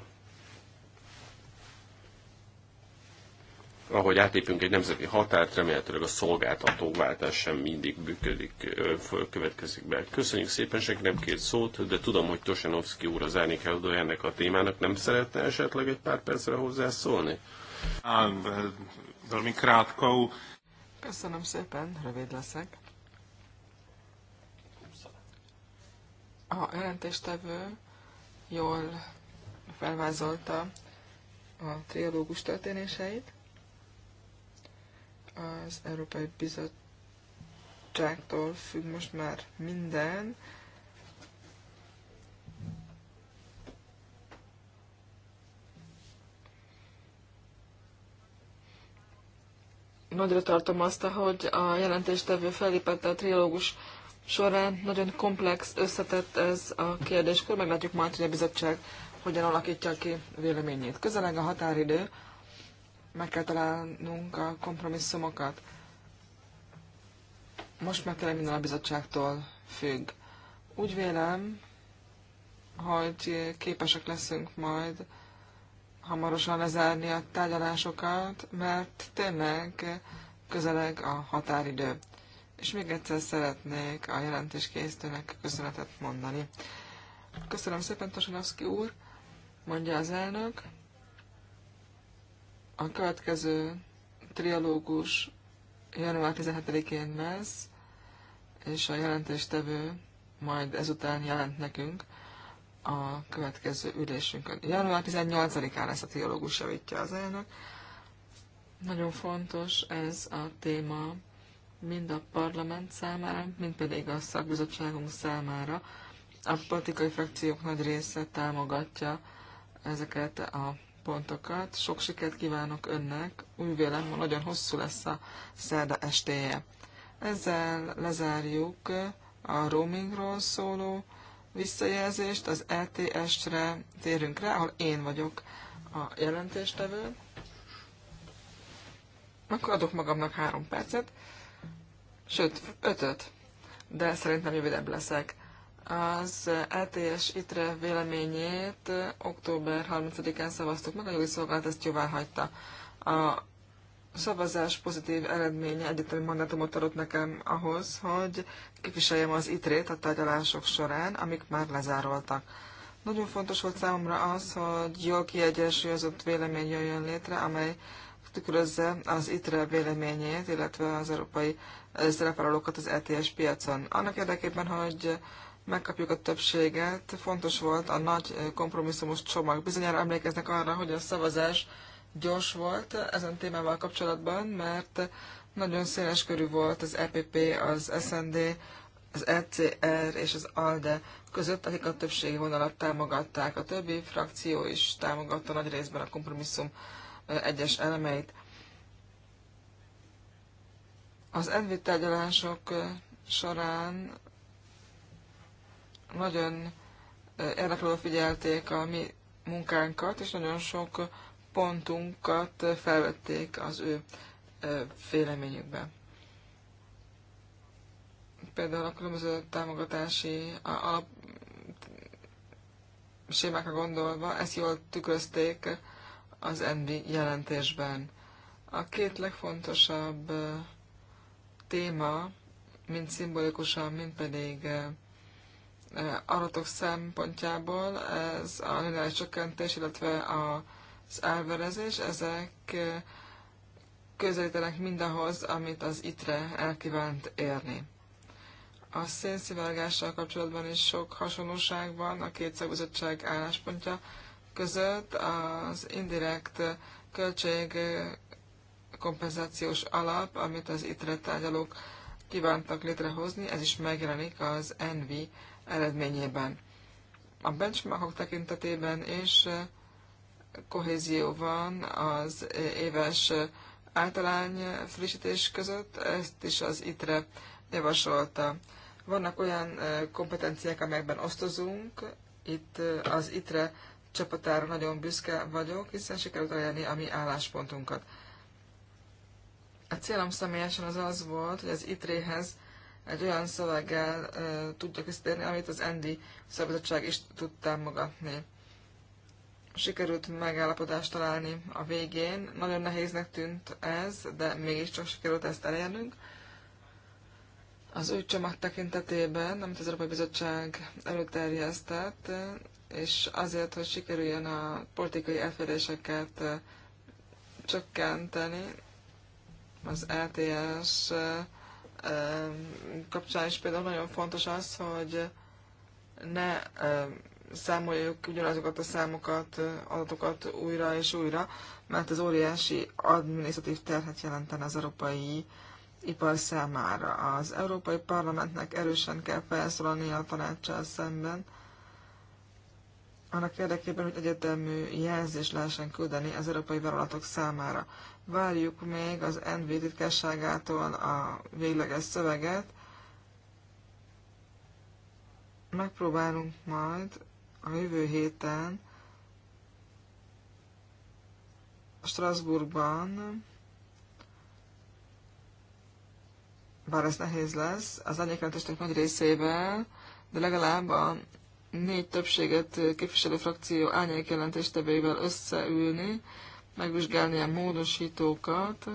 ahogy átlépünk egy nemzeti határt, remélhetőleg a szolgáltatóváltás sem mindig működik, következik be. Köszönjük szépen, senki nem két szót, de tudom, hogy Tosanovszki úr az árnyékelődő ennek a témának. Nem szeretne esetleg egy pár percre hozzászólni? valami Köszönöm szépen, rövid leszek. A jelentéstevő jól felvázolta a triológus történéseit. Az Európai Bizottságtól függ most már minden. Nagyra tartom azt, hogy a jelentéstevő felépette a triológus során nagyon komplex, összetett ez a kérdéskör, meglátjuk majd, hogy a bizottság hogyan alakítja ki véleményét. Közeleg a határidő, meg kell találnunk a kompromisszumokat. Most már tényleg minden a bizottságtól függ. Úgy vélem, hogy képesek leszünk majd hamarosan lezárni a tárgyalásokat, mert tényleg közeleg a határidő. És még egyszer szeretnék a jelentés készítőnek köszönetet mondani. Köszönöm szépen, Tosanovszki úr, mondja az elnök. A következő trialógus január 17-én lesz, és a jelentéstevő majd ezután jelent nekünk a következő ülésünkön. Január 18-án lesz a trialógus, javítja az elnök. Nagyon fontos ez a téma mind a parlament számára, mind pedig a szakbizottságunk számára. A politikai frakciók nagy része támogatja ezeket a pontokat. Sok sikert kívánok önnek, úgy vélem, hogy nagyon hosszú lesz a szerda estéje. Ezzel lezárjuk a roamingról szóló visszajelzést, az ETS-re térünk rá, ahol én vagyok a jelentéstevő. Akkor adok magamnak három percet sőt, ötöt, de szerintem rövidebb leszek. Az LTS e ITRE véleményét október 30-án szavaztuk meg, a jogi szolgálat ezt jóvá hagyta. A szavazás pozitív eredménye egyetemi mandátumot adott nekem ahhoz, hogy képviseljem az ITRE-t a tárgyalások során, amik már lezároltak. Nagyon fontos volt számomra az, hogy jól kiegyensúlyozott vélemény jöjjön létre, amely tükrözze az ITRE véleményét, illetve az Európai szerepvállalókat az ETS piacon. Annak érdekében, hogy megkapjuk a többséget, fontos volt a nagy kompromisszumos csomag. Bizonyára emlékeznek arra, hogy a szavazás gyors volt ezen témával kapcsolatban, mert nagyon széles körű volt az EPP, az SND, az ECR és az ALDE között, akik a többségi vonalat támogatták. A többi frakció is támogatta nagy részben a kompromisszum egyes elemeit. Az envi tárgyalások során nagyon érdeklődve figyelték a mi munkánkat, és nagyon sok pontunkat felvették az ő féleményükbe. Például a különböző támogatási alap sémákra gondolva, ezt jól tükrözték az ENVI jelentésben. A két legfontosabb téma, mind szimbolikusan, mind pedig eh, eh, adatok szempontjából, ez a lineáris csökkentés, illetve az elverezés, ezek eh, közelítenek mindahhoz, amit az ITRE elkívánt érni. A szénszivárgással kapcsolatban is sok hasonlóság van a két szakbizottság álláspontja között. Az indirekt költség kompenzációs alap, amit az ITRE tárgyalók kívántak létrehozni, ez is megjelenik az ENVI eredményében. A benchmarkok tekintetében is eh, kohézió van az eh, éves eh, általány frissítés között, ezt is az ITRE javasolta. Vannak olyan kompetenciák, amelyekben osztozunk, itt az ITRE csapatára nagyon büszke vagyok, hiszen sikerült elérni a mi álláspontunkat. A célom személyesen az az volt, hogy az ITRE-hez egy olyan szöveggel uh, tudjak visszatérni, amit az Endi szabadság is tud támogatni. Sikerült megállapodást találni a végén. Nagyon nehéznek tűnt ez, de mégiscsak sikerült ezt elérnünk. Az új csomag tekintetében, amit az Európai Bizottság előterjesztett, és azért, hogy sikerüljön a politikai elféréseket csökkenteni, az LTS e kapcsán is például nagyon fontos az, hogy ne számoljuk ugyanazokat a számokat, adatokat újra és újra, mert ez óriási adminisztratív terhet jelentene az európai ipar számára. Az Európai Parlamentnek erősen kell felszólalnia a tanácssal szemben, annak érdekében, hogy egyetemű jelzést lehessen küldeni az európai vállalatok számára. Várjuk még az NV titkárságától a végleges szöveget. Megpróbálunk majd a jövő héten Strasbourgban, bár ez nehéz lesz, az anyagjelentésnek nagy részével, de legalább a négy többséget képviselő frakció árnyék jelentéstevével összeülni, megvizsgálni a módosítókat.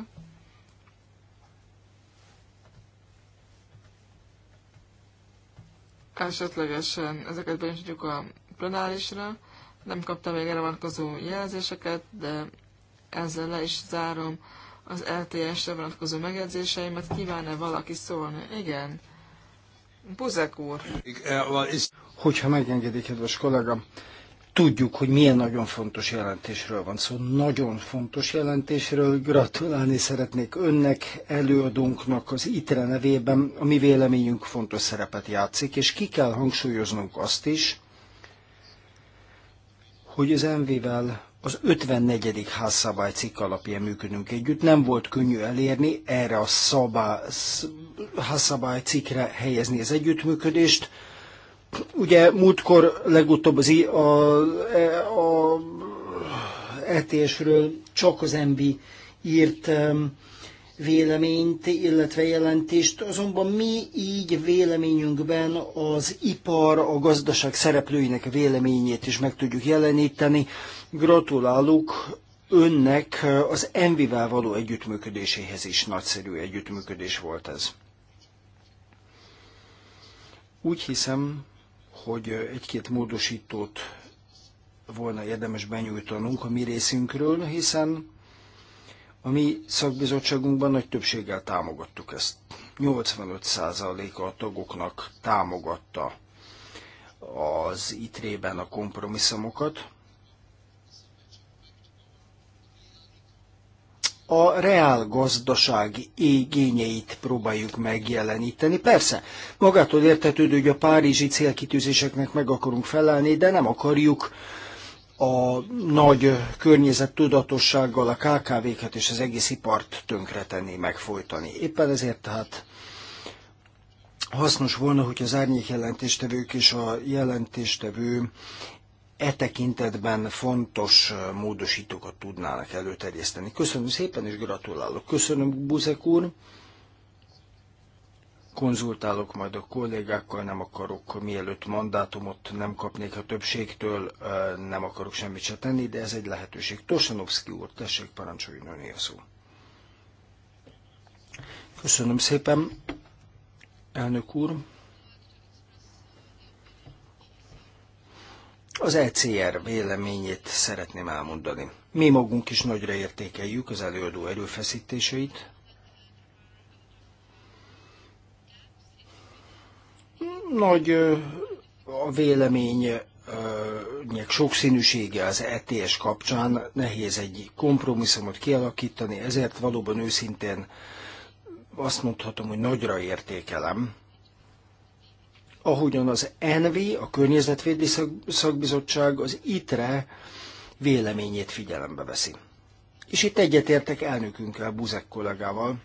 Esetlegesen ezeket benyújtjuk a plenárisra. Nem kaptam még erre vonatkozó jelzéseket, de ezzel le is zárom az LTS-re vonatkozó megjegyzéseimet. Kíván-e valaki szólni? Igen. Buzek úr. Hogyha megengedik, kedves kollega, tudjuk, hogy milyen nagyon fontos jelentésről van szó. Szóval nagyon fontos jelentésről. Gratulálni szeretnék önnek, előadónknak az ITRE nevében. A mi véleményünk fontos szerepet játszik, és ki kell hangsúlyoznunk azt is, hogy az MV-vel az 54. házszabály cikk alapján működünk együtt. Nem volt könnyű elérni erre a szabály, házszabály cikkre helyezni az együttműködést. Ugye múltkor legutóbb az I, a, e, a, a e ETS-ről csak az MB írt um, véleményt, illetve jelentést, azonban mi így véleményünkben az ipar, a gazdaság szereplőinek véleményét is meg tudjuk jeleníteni. Gratulálok önnek az Envivel való együttműködéséhez is nagyszerű együttműködés volt ez. Úgy hiszem, hogy egy-két módosítót volna érdemes benyújtanunk a mi részünkről, hiszen a mi szakbizottságunkban nagy többséggel támogattuk ezt. 85%-a a tagoknak támogatta az ITRE-ben a kompromisszumokat. A reál gazdaság igényeit próbáljuk megjeleníteni. Persze, magától értetődő, hogy a párizsi célkitűzéseknek meg akarunk felelni, de nem akarjuk a nagy környezettudatossággal a KKV-ket és az egész ipart tönkretenni, megfojtani. Éppen ezért tehát hasznos volna, hogy az árnyék jelentéstevők és a jelentéstevő e tekintetben fontos módosítókat tudnának előterjeszteni. Köszönöm szépen, és gratulálok. Köszönöm, Buzek úr konzultálok majd a kollégákkal, nem akarok, mielőtt mandátumot nem kapnék a többségtől, nem akarok semmit se tenni, de ez egy lehetőség. Tosanovszki úr, tessék, parancsoljon öné a szó. Köszönöm szépen, elnök úr. Az ECR véleményét szeretném elmondani. Mi magunk is nagyra értékeljük az előadó erőfeszítéseit, nagy a vélemény sok sokszínűsége az ETS kapcsán, nehéz egy kompromisszumot kialakítani, ezért valóban őszintén azt mondhatom, hogy nagyra értékelem. Ahogyan az ENVI, a Környezetvédi Szakbizottság, az ITRE véleményét figyelembe veszi. És itt egyetértek elnökünkkel, Buzek kollégával.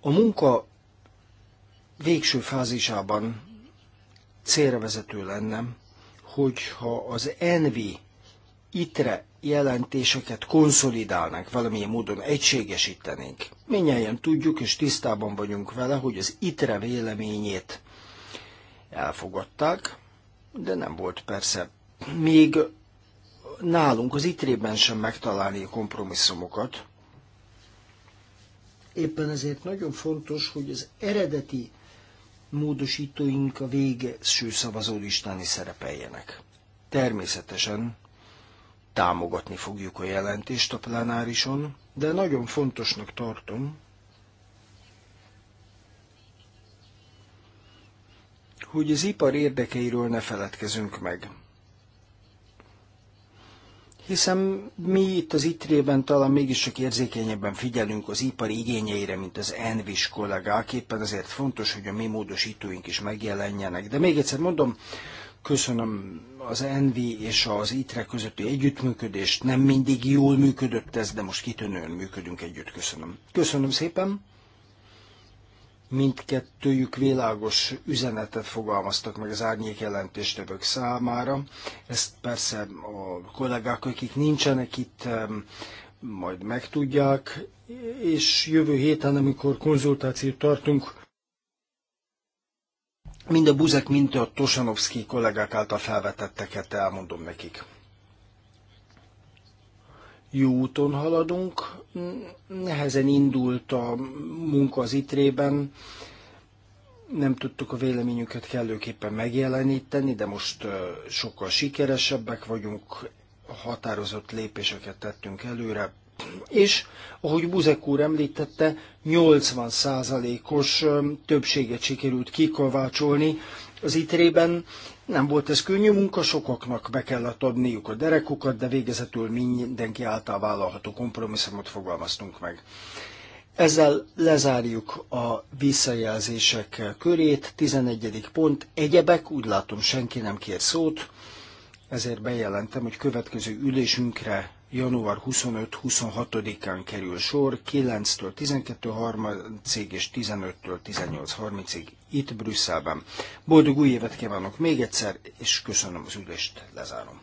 A munka végső fázisában célra vezető lenne, hogyha az envi itre jelentéseket konszolidálnánk, valamilyen módon egységesítenénk. Minnyáján tudjuk és tisztában vagyunk vele, hogy az itre véleményét elfogadták, de nem volt persze még nálunk az itrében sem megtalálni a kompromisszumokat. Éppen ezért nagyon fontos, hogy az eredeti módosítóink a végső szavazólistán is szerepeljenek. Természetesen támogatni fogjuk a jelentést a plenárison, de nagyon fontosnak tartom, hogy az ipar érdekeiről ne feledkezünk meg hiszen mi itt az ITRE-ben talán mégis csak érzékenyebben figyelünk az ipari igényeire, mint az ENVIS kollégák, éppen ezért fontos, hogy a mi módosítóink is megjelenjenek. De még egyszer mondom, köszönöm az ENVI és az ITRE közötti együttműködést, nem mindig jól működött ez, de most kitönően működünk együtt, köszönöm. Köszönöm szépen! mindkettőjük világos üzenetet fogalmaztak meg az árnyék jelentéstevők számára. Ezt persze a kollégák, akik nincsenek itt, majd megtudják, és jövő héten, amikor konzultációt tartunk, mind a Buzek, mind a Tosanovszki kollégák által felvetetteket elmondom nekik jó úton haladunk, nehezen indult a munka az itrében, nem tudtuk a véleményünket kellőképpen megjeleníteni, de most sokkal sikeresebbek vagyunk, határozott lépéseket tettünk előre, és ahogy Buzek úr említette, 80%-os többséget sikerült kikovácsolni az itrében, nem volt ez könnyű munka, sokaknak be kellett adniuk a derekukat, de végezetül mindenki által vállalható kompromisszumot fogalmaztunk meg. Ezzel lezárjuk a visszajelzések körét. 11. pont. Egyebek, úgy látom senki nem kér szót, ezért bejelentem, hogy következő ülésünkre január 25-26-án kerül sor, 9-től 12.30-ig és 15-től 18.30-ig itt Brüsszelben. Boldog új évet kívánok még egyszer, és köszönöm az ülést, lezárom.